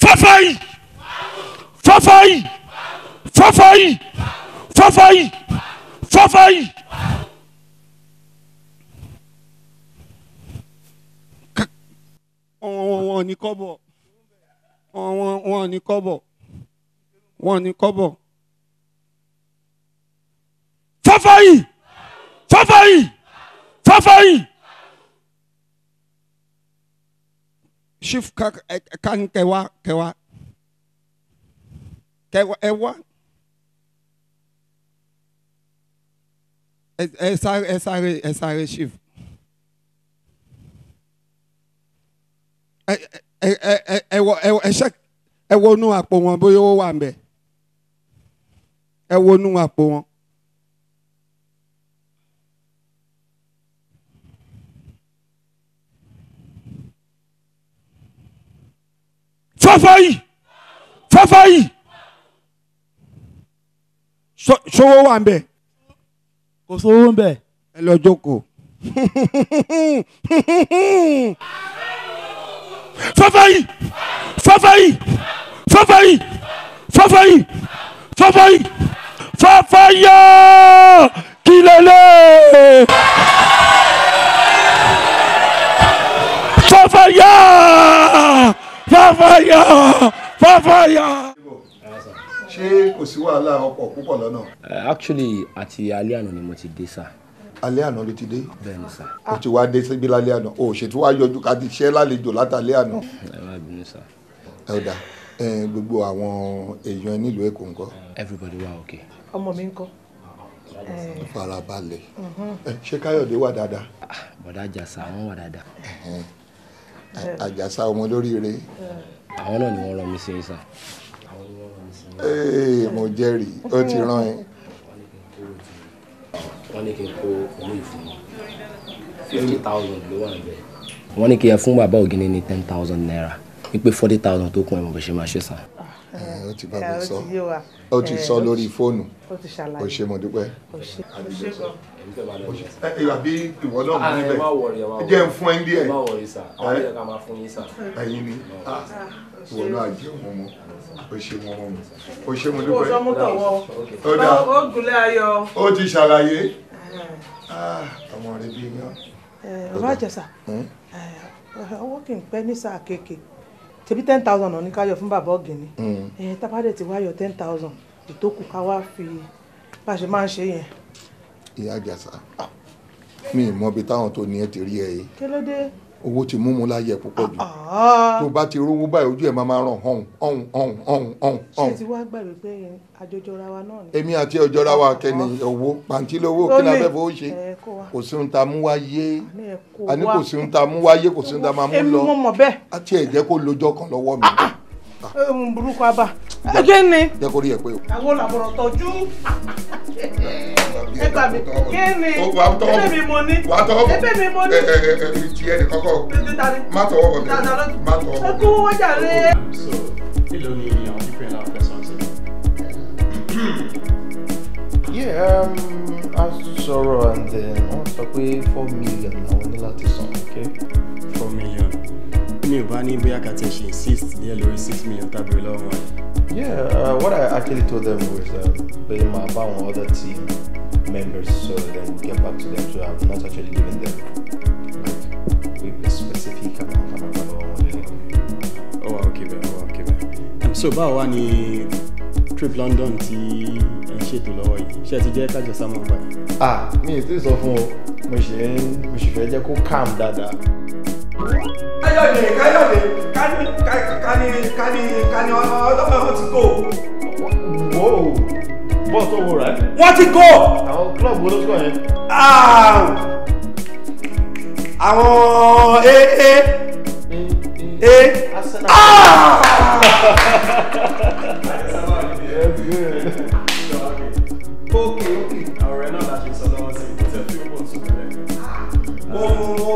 fọ́fọ́ yìí fọ́fọ́ yìí fọ́fọ́ yìí fọ́fọ́ yìí suffer yi. wọn ní kọ́bọ̀ wọn ní kọ́bọ̀ wọn ní kọ́bọ̀. suffer yi suffer yi suffer yi. chief kan kẹwa kẹwa kẹwa ẹwa ẹ sáré ẹ sáré ẹ sáré ṣìf. ẹ ẹ ẹ wọ ẹ ṣẹ ẹ wọnú àpò wọn bóyá owó wà ńbẹ̀ ẹ wọnú àpò wọn. fọ́fọ́ yìí fọ́fọ́ yìí ṣọwọ́ wà ńbẹ̀ kò sówó ń bẹ̀. ẹ lọ jókòó. fọ́fọ́yì fọ́fọ́yì fọ́fọ́yì fọ́fọ́yì fọ́fọ́yì fọ́fọ́yọ́ kìlẹ̀lẹ̀. fọ́fọ́yọ́ fọ́fọ́yọ́ fọ́fọ́yọ́ ṣé kò sí wàhálà ọkọ̀ púpọ̀ lọ́nà. Eh, actually àti alẹ́ àná ni mo ti dé sá alẹ́ àná ló ti dé. bẹ́ẹ̀ni sá. o ti wá dé síbi lálẹ́ àná o ṣètò wá yọjú ká ti ṣẹ́ lálejò látàlẹ́ àná. ẹ má bínú sá. ẹ ò gbogbo àwọn èèyàn nílùú èkó ńkọ́. everybody wà okay. ọmọ mi ńkọ́. Eh. farabalẹ̀ mhm. ṣé káyọ̀dé wà dáadáa. Ah, bọ̀dá àjàsà wọn wà dáadáa. àjàsà ọmọ lóríire. àwọn náà ni wọ́n rán mi sí sá ee mo jẹ́rìí ó ti rán ẹ. wọ́n ní kí n kó owó ìfún fifty thousand ló wà níbẹ̀. wọ́n ní kí ẹ fún bàbá ògínní ní ten thousand naira wípé forty thousand tó kún ẹ mọ̀ bó ṣe máa ṣe sàn. ó ti bá mi sọ ó ti sọ lórí fóònù ó ṣe mo dúpẹ́. àbí ìwọ náà mú ah, níbẹ̀ jẹ́ ń fún ẹ díẹ̀ ẹ̀yin ni ah, ah, ìwọ náà jẹun mọ́ o ṣe mo mọ mi o ṣe mo dúpẹ́ o sọ mo tọ̀wọ́ o gúnlẹ̀ ayọ̀ o ti ṣàlàyé ah, ọmọ rẹ bí yan. bàbá àjẹsà owó kì í pẹ́ ní sáà kéèké tẹbi ten thousand ọ̀nà ní ká yọ fún bàbá ọ̀gìnì hmm. tábàdẹ̀ ti wá yọ ten thousand ìtókù ká wá fi bá a ṣe máa ń ṣe yẹn. ìyá àjẹsà ah, mi ì mọ ibi táwọn tó ní ẹ ti rí ẹ yìí. kí owó ti mú mu láyé ẹ púpọ̀ jù ah. tó bá ti rówó báyìí ojú ẹ máa máa ràn ọ̀hún ọ̀hún ọ̀hún ọ̀hún ọ̀hún. ṣé ti wá gbàgbé pé àjọjọra wa náà ni. èmi àti ọjọra wa kẹni ah. owó pàǹtí lówó kí ni abẹ́ fowó ṣe kò sí ohun tá a mú wáyé àní kò sí ohun tá a mú wáyé kò sí ohun tá a máa mú lọ àti ẹ̀jẹ̀ kó lójọ́ kan lọ́wọ́ mi. Ah, Ah. burúkú abá ẹgbẹ́ ni. jẹ́ ẹ pé o. àwọn làbọ̀rọ̀ tọ́jú ẹ gbà mí kí ni ẹbẹ̀ mi mo ní ẹbẹ̀ mi mo ní. tiẹ̀ ní kọ́kọ́ má tọwọ́ bọ̀ tẹ̀lé má tọwọ́ bọ̀ tẹ̀lé. ẹ kú wọ́n jàre. so èlò ni àwọn different lab persons. yeah um, a sọ̀rọ̀ and then wọ́n sọ pé four million làwọn ní láti san. okay four million company ò bá ní bóyá ká ti ṣe insist ní ẹ six million tábìlì lọ́wọ́ yeah uh, what I actually told them was uh, pé máa bá àwọn other team members so then we get back to them so I'm not actually giving them like with a specific amount of money lọ́wọ́ wọn lẹ́yìn. ó wà ókè bẹ́ẹ̀ ó wà ókè bẹ́ẹ̀. so báwo wá ní trip London tí ẹ ṣètò lọ́wọ́ yìí ṣé ẹ ti jẹ́ kájọ sámọ̀ báyìí. ah mi ò tí ì sọ fún ọ mo ṣe mo ṣe fẹ́ jẹ́ kó calm dáadáa káyọ̀dé káyọ̀dé kání kání kání kání ti go. wo bọ́ọ̀ tó wo rà wọ́n ti go. àwọn club ló sọ yẹn. àwọn ee ee Arsenal. okay okay. mo mo kọ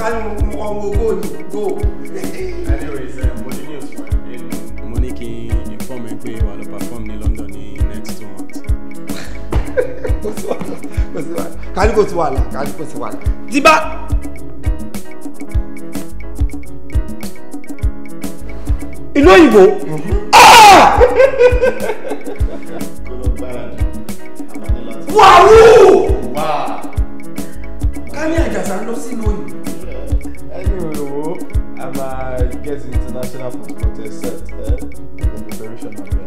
kárí mo kọ mo go ni go. anyways eh, mo ní news for you. mo ní kí n inform ẹ pé wà ló perform ní London ní next two months. kò sí wàhálà kò sí wàhálà kárí kò sí wàhálà kárí kò sí wàhálà. dìbà. ìlú òyìnbó. wàhálà. Mm-hmm. Ah! wàhálà. Kami Ajasa lọ sí lónìí. Eh, ẹni òyìnbó a máa get international protest set eh, in preparation of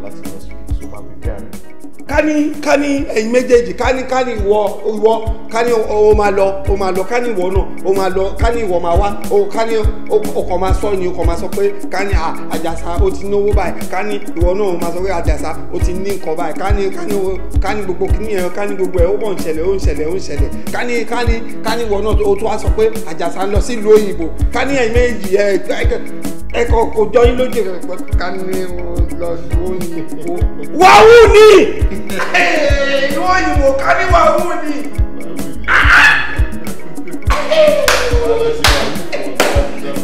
Kani, Kani, ẹ̀yin méjèèjì kání Kani, ìwọ ìwọ kání o máa lọ o máa lọ kání ìwọ náà o máa lọ kání ìwọ máa wá o Kani, o kàn máa sọ ni o kàn máa sọ pé kání àjàsà o ti náwó báyìí kání ìwọ náà o máa sọ pé àjàsà o ti ní nǹkan báyìí kání Kani, o Kani gbogbo kíní ẹ̀ kání gbogbo ẹ̀ ó kàn ń ṣẹlẹ̀ ó ń ṣẹlẹ̀ ó ń ṣẹlẹ̀ kání náà o tún wá sọ pé àjàsà ń lọ sílùú òyìnbó kání ẹ̀yin méjì ẹ̀ ẹ̀kọ́ kò jọ yín lójú rẹpẹtẹ ká ní lọ ìwọ ni kó. wàhù ni ìwọ ìwò ká ní wàhù ni.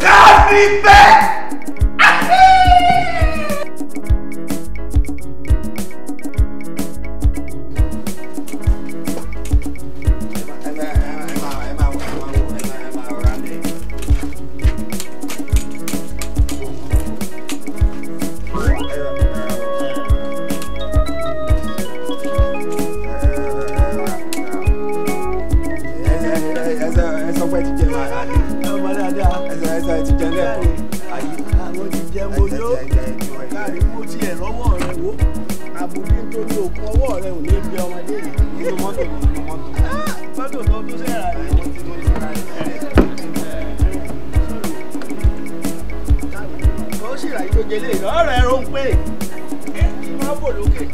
ká ní bẹ́ẹ̀. ò lè gbé ọmọdé yìí nínú mọ́tò nínú mọ́tò. mọ́tò tó tún ṣe rà ní mọ́tò tó ṣe rà ní. ó ṣì rà yìí tó jẹ lé e ọ̀rọ̀ ẹ̀rọ ń pè é má bò lókè.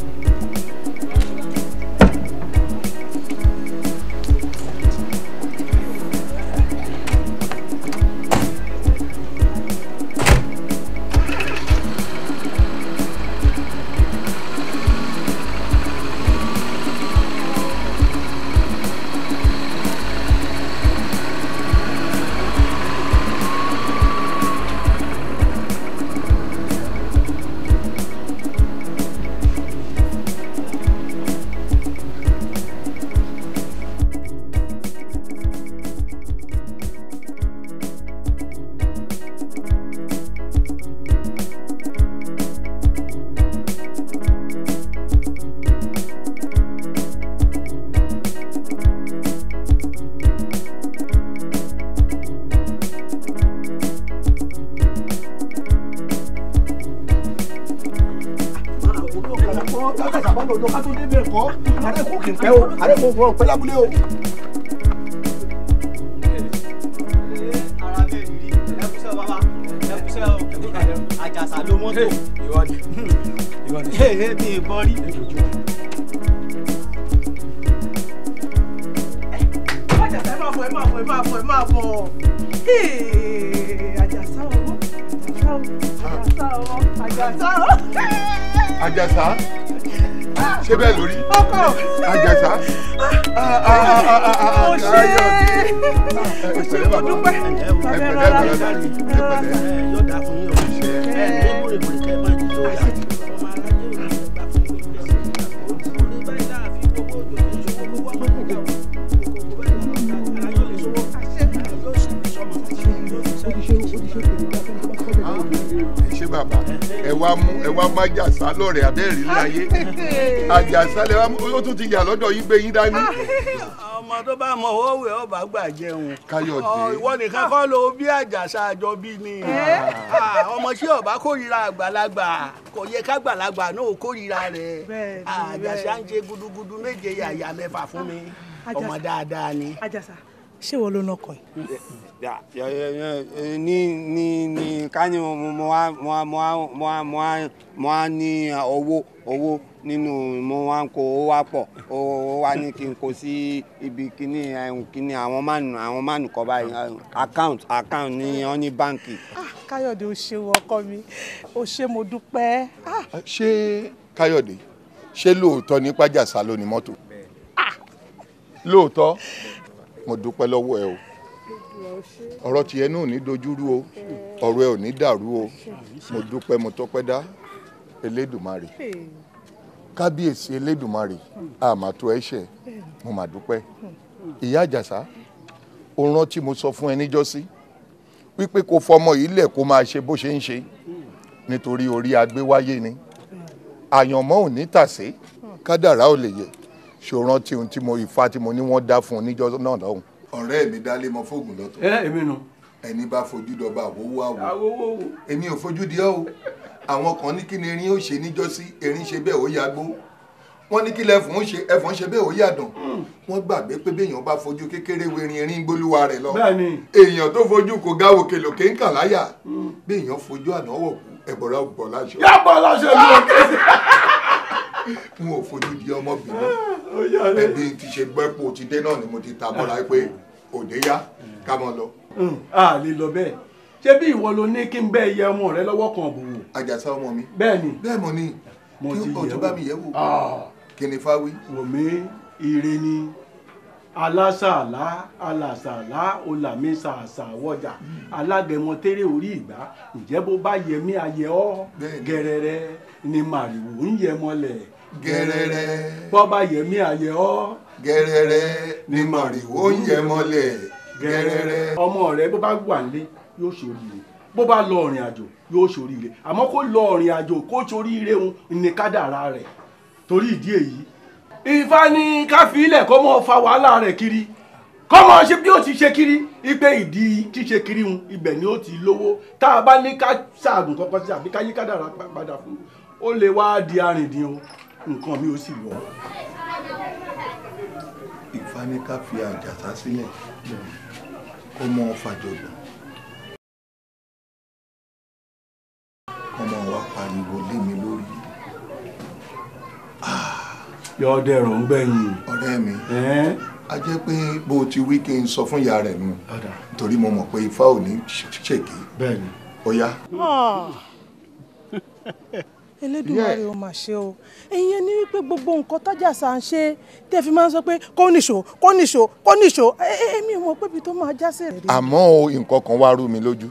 lọ́dọ̀ ká tó débẹ̀ kọ́ àrẹ́kùn kìí pẹ́ o àrẹ́kùn kìí pẹ́ lábúlé o. mo ṣe mo ṣe mo dúpẹ́ abẹ́ rọra rọra. ṣé bàbá ẹ wá mú ẹ wá má jàsá lọ́rẹ̀ abẹ́rẹ́ ilé ayé àjàsá lẹ wá ó tún ti yà lọ́dọ̀ yín gbé yín dání. ọmọ tó bá mọ owó wẹ̀ ọ́ bá gbà jẹun káyọ̀dé ìwọ nìkan kọ́ ló bí àjàsá àjọ bí ni ah. ọmọ tí ọba kórìíra àgbàlagbà kò yẹ kágbàlagbà náà kórìíra rẹ̀ àjàsá ń ṣe gudugudu méje yàyà mẹ́fà fún mi ọmọ dáadáa ni. àjàsá ṣé wo ló nọkọ yìí ní ní ní ká ní mo wá mo wa mo wá mo wá mo wá ní ah, owó owó nínú mo wá ń kó owó wá pọ̀ ó wá ní kí n kó sí ibi kíní eh, kíní àwọn mánu àwọn mánu kọ́ báyìí ah, account account ní wọ́n ní báǹkì. káyọ̀dé o ṣeun ọkọ mi o ṣe mo dúpẹ́. Ah. Eh, ṣé káyọ̀dé ṣé lóòótọ́ ní pàjásá ló ni mọ́tò lóòótọ́ mo dúpẹ́ lọ́wọ́ ẹ o ọ̀rọ̀ tiẹ̀ náà ò ní dojúrú o ọ̀rọ̀ ẹ ò ní dàrú o mo dúpẹ́ mo tọ́pẹ́ dá Elédùmarè kábíyèsí Elédùmarè àmàtó ẹ̀ṣẹ̀ mo mà dúpẹ́ ìyá àjàsá o rántí mo sọ fún ẹ níjọ́sí wípé kò fọmọ yìí lẹ̀ kó máa ṣe bó ṣe ń ṣe nítorí orí agbéwáyé ni àyànmọ́ ò ní tàsé kádàrá ò lè yẹ ṣòrántí tí mo ìfá tí mo ní wọ́n dá fún un níjọ́ náà lọ́hùn ọ̀rẹ́ mi dálé mọ fóògùn lọ́tọ̀. ẹ èmi nù. ẹni bá fojú dọba àwòwò àwò èmi ò fojú di ọ́ o àwọn kan ní kí ni erin ó ṣe níjọ́sí erin ṣe bẹ́ẹ̀ ó yagbó wọ́n ní kí lẹ́fọ̀n ó ṣe ẹ̀fọ̀n ṣe bẹ́ẹ̀ ó yàdàn hmm. wọ́n gbàgbé pé béèyàn bá fojú kékeré werin erin gbólúwa rẹ̀ lọ èèyàn tó fojú kò ga òkè lòkè ń kà láyà hmm. béèyàn fojú àná wọ̀ kú ẹ̀bọ̀rà bọ̀ láṣọ. yàgbọ́ láṣọ ló ń ké sí. n ò fojú di ọmọbìnrin ẹbí ti ṣe gbẹ́pọ̀ ti dé náà ni mo ti ta bọ́lá pé òde yá ká mọ lọ. Mm, a lè lọ bẹ́ẹ̀ ṣé bí ìwọ ló ní kí n bẹ́ẹ̀ yẹ ọmọ rẹ lọ́wọ́ kan àbò wò. àjàsá ọmọ mi. bẹ́ẹ̀ ni bẹ́ẹ̀ mọ ni kí o tún bá mi yẹ̀ wò. Ah. kí ni fáwí. wòmí ire ni alásàlá alásàlá olàmísàsà wọjà mm. alágẹmọ tẹrẹ orí ìgbà ǹjẹ́ bó bá yẹ mí ayẹ ọ́ gẹ̀rẹ̀rẹ̀ ni màrìwò ń yẹ mọ́lẹ̀ gẹrẹrẹ. bọ́ba yẹmí àyẹ̀ ọ́. gẹrẹrẹ ni màrìwò ń yẹ mọ́lẹ̀ gẹrẹrẹ. ọmọ rẹ bó bá wà nílé yóò ṣoríire bó bá lọ ọ̀rìn àjò yóò ṣoríire àmọ́ kó lọ ọ̀rìn àjò kó ṣoríire òun ní kádàrá rẹ̀ torí ìdí èyí. Ifá ní káfílẹ̀ kó mọ̀ fa wàhálà rẹ̀ kiri kó mọ̀ ṣe bí ó ti ṣe kiri ipe ìdí ṣíṣe kiri hun ibẹ̀ ni ó ti lówó tá a bá ní ká ṣàgùn kankan sí àbí ká yí kádàrá padà fún un ó lè wá di arìndín o nǹkan mi ò sì wọ́ Ifá ní ká fi àjàsá sílẹ̀ kó mọ fàjọ̀dún ọmọ wa pariwo lé mi lórí. yọ ọdẹ rò ń gbẹ̀yìn. ọ̀rẹ́ mi a jẹ́ pé bó o ti wí kí n sọ fún ìyá rẹ̀ nù nítorí mo mọ̀ pé Ifá ò ní ṣèké. bẹ́ẹ̀ni. ó yá. Elédùmarè ó mà ṣe o ẹ̀yin ẹni wípé gbogbo nǹkan tọ́jà sá ń ṣe tẹ́ fi máa ń sọ pé kó nìṣó kó nìṣó kó nìṣó èmi ò mọ̀ pé ibi tó máa já sí àmọ́ o nǹkan kan wá rú mi lójú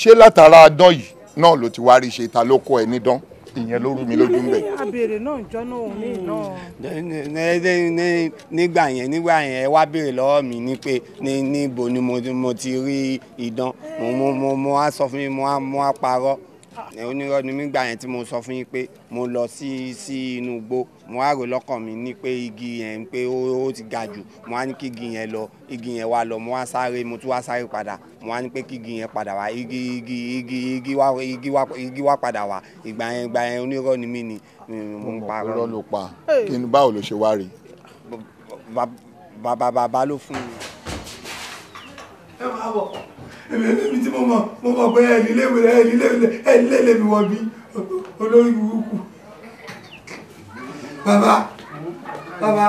ṣé látara dán yìí náà ló ti wá ṣe ta ló kọ ẹ nídán ìyẹn ló rú mi lójú ńbẹ. abèrè náà jọ́nà òun ní nígbà yẹn nígbà yẹn ẹ wá béèrè lọ́wọ́ mi ní pé níbo ni mo ti rí idán mo á sọ fún mi mo á parọ́ onírọ́ ni mígbà yẹn tí mo sọ fún yín pé mo lọ sí sí inú igbó mo wá rò lọ́kàn mi ní pé igi yẹn pé ó ti ga jù mo wá ní kí igi yẹn lọ igi yẹn wá lọ mo wá sáré mo tún wá sáré padà mo wá ní pé kí igi yẹn padà wá igi igi igi igi wá igi wá igi wá padà wá ìgbà yẹn ìgbà yẹn onírọ́ ni mí ni mo ń parọ́. irọ́ ló pa kí ni báwo ló ṣe wá rí. bàbá bàbá ló fún mi. ẹ máa bọ̀ èmi tí mo mọ̀ mo mọ̀ pé ẹ̀lì léwu rẹ̀ ẹ̀lì léwu rẹ̀ wọ̀ bí olórí burúkú. bàbá bàbá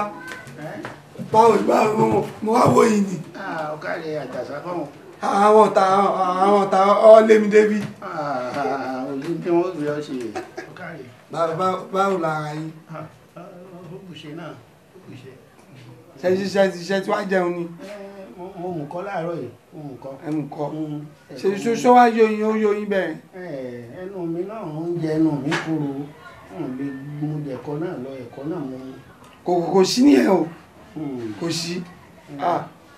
báwo báwo mo wá wo yìí ni. ọ̀kàlẹ̀ àjàsá fọ́n. àwọn ọ̀tá àwọn ọ̀tá ọ̀lẹ́mi débi. òbí bí wọ́n gbé ọ ṣe báwo lára yín. ó ṣe ṣe ti wá jẹun ni mo mú kọ́ láàárọ̀ yìí mo mú kọ́. ẹ mú kọ́ ṣe ṣoṣo wá yoyin ó yoyin bẹ́ẹ̀. ẹnu mi náà ń jẹ ẹnu mi kúrò mo jẹ ẹ̀kọ́ náà lọ ẹ̀kọ́ náà mo. kò kò sí ní ẹ o hmm. kò sí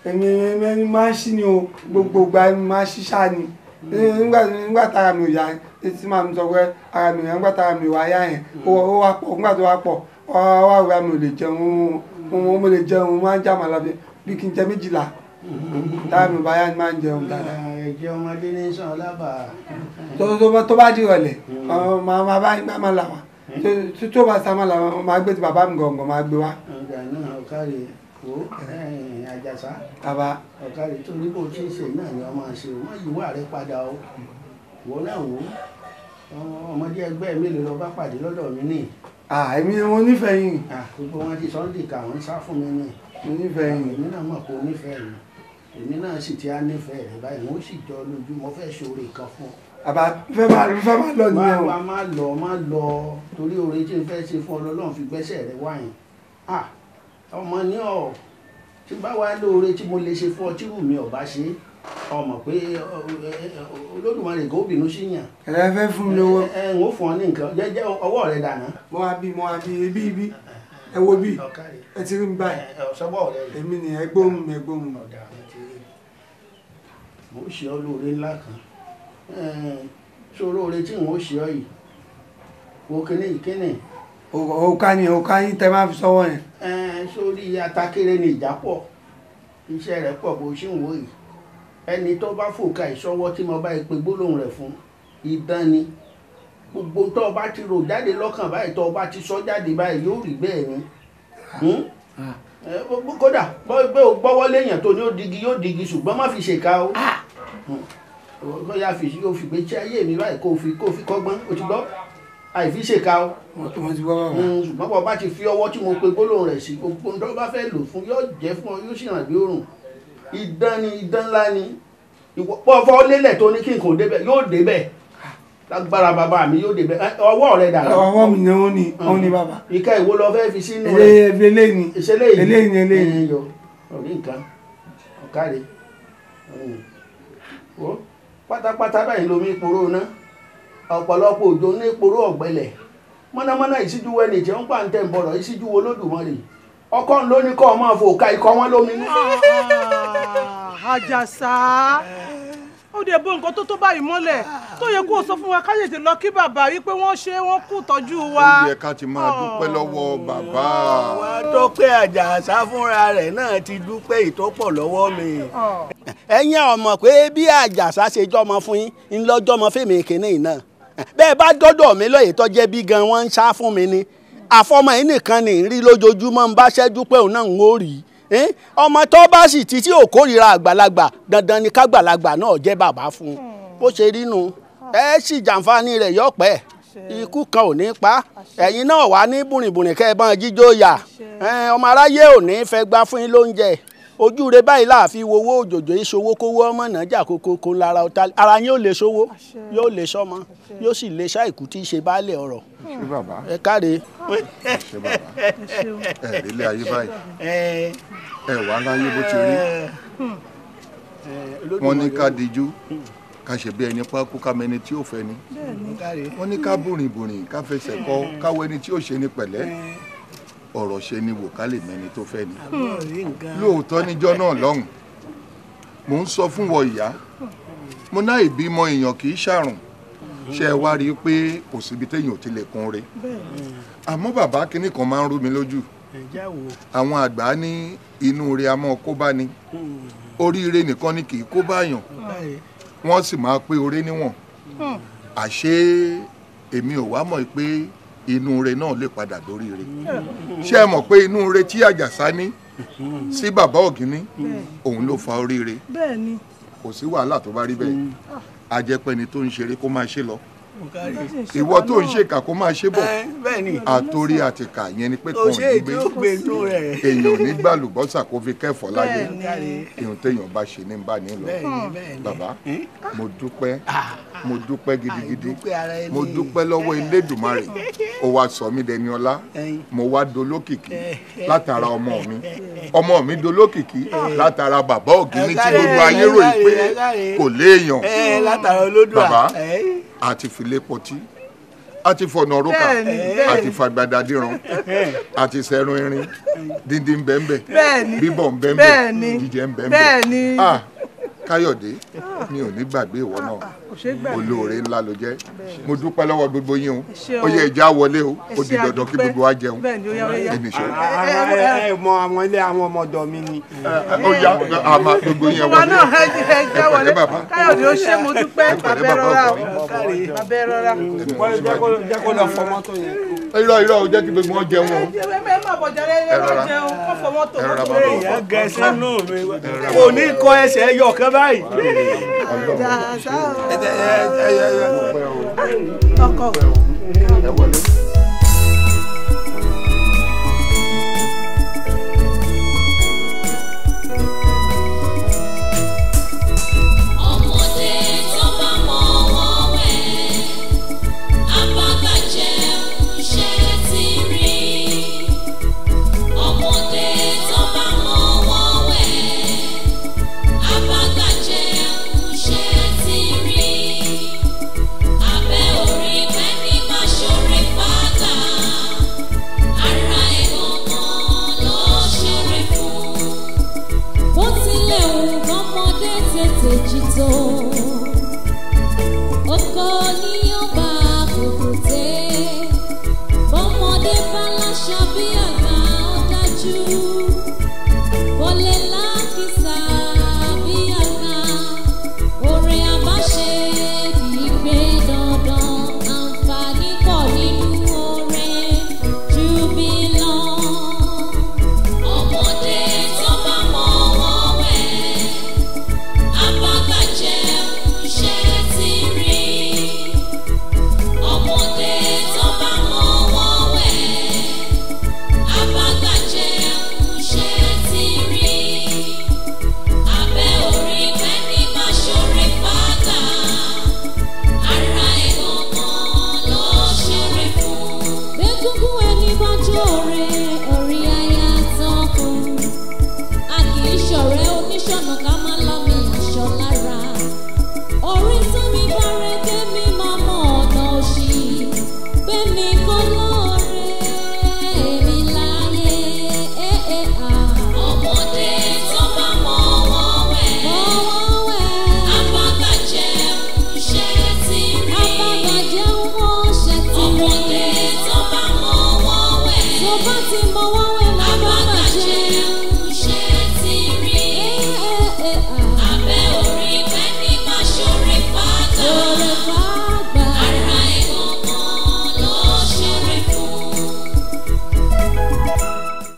èmi hmm. èmi ah, máa ń ṣí ni o gbogbo ìgbà èmi máa ń ṣíṣá ni hmm. nígbà tára mi ò yá etí máa mi sọ pé ara mi yẹn nígbà tára mi ò wá yá yẹn ó wá pọ̀ nígbà tó wá pọ̀ ọ̀rọ̀ wa ò rà mi ò lè jẹun mo lè jẹun mo máa ń jà màlábẹ́ bí kí n jẹ méjìlá táàmì báyà ni máa ń jẹun dáadáa. ẹ̀jẹ̀ ọmọdé ní sàn lábà. tó bá di ìrọ̀lẹ́ màmá bá ń gbá máa là wá tó bá sá máa là wá máa gbé ti bàbá mi gọ̀ǹgọ̀ máa gbé wá. ọ̀gá náà ọ̀kárì kó àjàsá ọ̀kárì tó ní kó tí ń ṣe náà ni ọmọ ṣe wọ́n yíwá rẹ padà o wọ́n náà wò ó ọmọdé ẹgbẹ́ mi lè lọ bá pàdé lọ́dọ̀ mi nìyí èmi mo nífẹ̀ẹ́ yín. gbogbo wọn ti sọ́ndì kà wọ́n sá fún mi ni. mo nífẹ̀ẹ́ yín. èmi náà mọ̀ pé o nífẹ̀ẹ́ yín èmi náà sì ti á nífẹ̀ẹ́ rẹ báyìí wọ́n sì jọ lójú mo fẹ́ ṣoore kan fún ọ. àbá fẹ́ máa fẹ́ máa lọ nìyẹn o. máa máa lọ máa lọ torí oore tí n fẹ́ ṣe fún ọlọ́run fi gbẹ́sẹ̀ rẹ wáyìn ọmọ ní ọ tí bá wá lóore tí mo lè ṣe fún ọ tí wù mí ọba ṣe ọmọ pé olódùmarè kò bínú sí yàn. ẹ fẹ́ fún mi lówó. ẹ ń fún ọ ní nǹkan jẹ́jẹ́ ọwọ́ rẹ dànù. mo wá bí mo wá bí ibi ibi ẹ wo bí ẹ ti rí mi báyìí èmi ni ẹ gbóhùn mi ẹ gbóhùn mi mò ń ṣe ọ́ lóore ńlá kan ṣé olóore tí mò ń ṣe ọ́ yìí wo kíní kíní. òkà ni òkà yín tẹ máa fi sọ́wọ́ yẹn. sórí atakéré ni ìjà pọ̀ iṣẹ́ rẹ̀ pọ̀ bó ṣì ń wò yìí ẹni tó bá fòkà ìṣọwọ́ tí mo bá pe gbólóhùn rẹ̀ fún idán ni gbogbo tó o bá ti rò jáde lọ́kàn báyìí tó o bá ti sọ jáde báyìí yóò rí bẹ́ẹ̀ ni kódà pé o gbọ́wọ́ léèyàn tó ní ó digi yóò digi ṣùgbọ́n má fi ṣèkà o. Ah bóyá fìṣí yóò fi gbèsè ayé mi báyìí kó fi kó fi kọ́gbọ́n o ti gbọ́ àìfi ṣèkà o hmm, ṣùgbọ́n bọ́ bá ti fi ọwọ́ tí mo pe gbólóhùn rẹ̀ sí gbogbo ń dọ́ bá fẹ́ lò fún yóò jẹ́ fún ọ yóò sì ràn bí òrùn idán ni idán ńlá ni pọ́fọ́ lélẹ̀ tó ní kí n kò débẹ̀ yóò débẹ̀ lágbára bàbá mi yóò débẹ̀ ọwọ́ rẹ̀ dàrá. ọwọ́ mi ni ó ní ó ní hmm. bàbá. ìka ìwo lọ fẹ́ fi sínú rẹ̀. ebi eléyìí eléyìí eléyìí. ọ̀rí nǹkan ọ̀káre. Hmm. pátápátá báyìí lomi ìporó ná ọ̀pọ̀lọpọ̀ òjò ní ìporó ọ̀gbẹ́lẹ̀ mọ́nàmọ́ná ìṣíjú wẹ́ni ìjẹ́ ń pàǹtẹ̀ ń bọ̀rọ̀ ìṣíjú wo ọkọ ń lóní kọ́ ọ máa fò ká ikọ́ wọn lómi. ó dẹ̀ bó nǹkan tó tó báyìí mọ́lẹ̀ tó yẹ kó o sọ fún wa ká tètè lọ kí bàbá wípé wọ́n ṣe wọ́n kú tọ́jú wa. ó yẹ ká ti máa dúpẹ́ lọ́wọ́ bàbá. wà á tọ́pẹ́ àjàṣà fúnra rẹ̀ náà ti dúpẹ́ ìtọ́pọ̀ lọ́wọ́ mi. ẹ̀yin ọmọ pé bí àjàṣà ṣe jọmọ fún yín ńlọ́jọ́mọ fèmí kìnnìún náà bẹ́ẹ̀ bá dọ́dọ̀ mi lọ́yẹ̀ tó jẹ́ bí gan wọ́n ń ṣá fún mi ni àfọmọ́ yín nìkan ni rí lójoojúmọ́ ń bá ṣẹ́jú pé òun náà ń wó rí i Eh? ọmọ tó bá sì ti tí ò kórìíra àgbàlagbà dandan ni kágbàlagbà náà jẹ́ bàbá fún un hmm. bó ṣe rí nu ah. ẹ sì jàǹfààní rẹ̀ yọpẹ́ ikú kan ò ní pa ẹ̀yin náà wà ní bùrìnbùrìn kẹ́ ẹ bọ́n jíjó yà ọmọ aráyé ò ní fẹ́ gbá fún yín lóúnjẹ ojú rẹ báyìí láàfin wowó òjòjò ìṣòwò kówó ọmọ náà jà kókó kó lára ọ̀tá ara yín ò lè ṣòwò yóò lè sọmọ yóò sì lè ṣàìkú tí í ṣe baálé ọ̀rọ̀ hmm. ẹ káre. ẹ ẹ ilé ayé báyìí ẹ wà láyé bó ti rí wọ́n ní ká dijú ká ṣe bí ẹni pákó ká mẹni tí ò fẹ́ ni wọ́n ní ká bùrìn bùrìn ká fẹsẹ̀ kọ káwọ ẹni tí ò ṣe ni pẹ̀lẹ́ ọ̀rọ̀ ṣe ni wò ká lè mẹni tó fẹ́ ni lóòótọ́ níjọ́ náà lọ́hùn mò ń sọ fún wọ ìyá mo ná ìbímọ èèyàn kì í ṣàrùn ṣe ẹ wá rí i pé kò síbi téèyàn ò ti lè kún re àmọ́ bàbá kínní kan máa ń rú mi lójú àwọn àgbà ní inú rẹ a mọ́ kó bá ní hmm. oríire nìkan ni kì í kó báyàn wọ́n sì máa pé oore níwọ̀n hmm. àṣé èmi ò wá mọ̀ pé inú rẹ náà lè padà dórí rẹ hmm. ṣé ẹ mọ̀ pé inú rẹ tí àjàsá ní sí bàbá ògínní òun ló fa oríire kò sí wàhálà tó bá rí bẹ́ẹ̀ ajẹ́pẹ́ni tó ń ṣeré kó máa ṣe lọ ìwọ tó ń ṣèkà kó máa ṣe bọ̀ àtòrí àtìkà yẹn ni pé kàn nígbé èèyàn nígbàlùbọ́sà kó fi kẹ́fọ́ láyé èèyàn téèyàn bá ṣe ní bá nílò bàbá mo dúpẹ́ ah. mo dúpẹ́ gidigidi mo dúpẹ́ lọ́wọ́ Elédùmarè ó wá sọ mí dẹni ọlá mo wá dolókìkí látara ọmọ mi ọmọ mi dolókìkí látara bàbá ògì mi tí gbogbo ayé ròyìn pé kò léèyàn bàbá àti filé pọtí àti fọ̀nà òrùka àti fàgbàdà díran àti sẹ́run irin díndín bẹ́ẹ̀ bẹ́ẹ̀ bíbọ̀ bẹ́ẹ̀ bẹ́ẹ̀ jíjẹ bẹ́ẹ̀ bẹ́ẹ̀ ah, káyọ̀dé mi ò ní gbàgbé ìwọ náà ah, olóore ńlá ló jẹ́ mo dúpẹ́ lọ́wọ́ gbogbo yín o ó yẹ ìjà wọlé o ó di dandan kí gbogbo wa jẹun ẹnì ṣe. ẹ mọ àwọn ilé àwọn ọmọdọ mi ni. ó yá àmà gbogbo yín ẹ wọlé ẹ pẹ̀lẹ́ bàbá káyọ̀dé ó ṣe mo dúpẹ́ abẹ́rọ́ra abẹ́rọ́ra. jẹ́ kó lọ fọmọ́tò yẹn irọ́ irọ́ o jẹ́ kí gbogbo wọn jẹun o. ẹ má bọ̀ jàre ẹ jẹun kó fọ mọ́tò mọ́tò rẹ̀ yá gẹ̀ẹ́sẹ̀ náà rẹ̀ kò ní kọ ẹsẹ̀ ẹyọ kan báyìí. ọkọ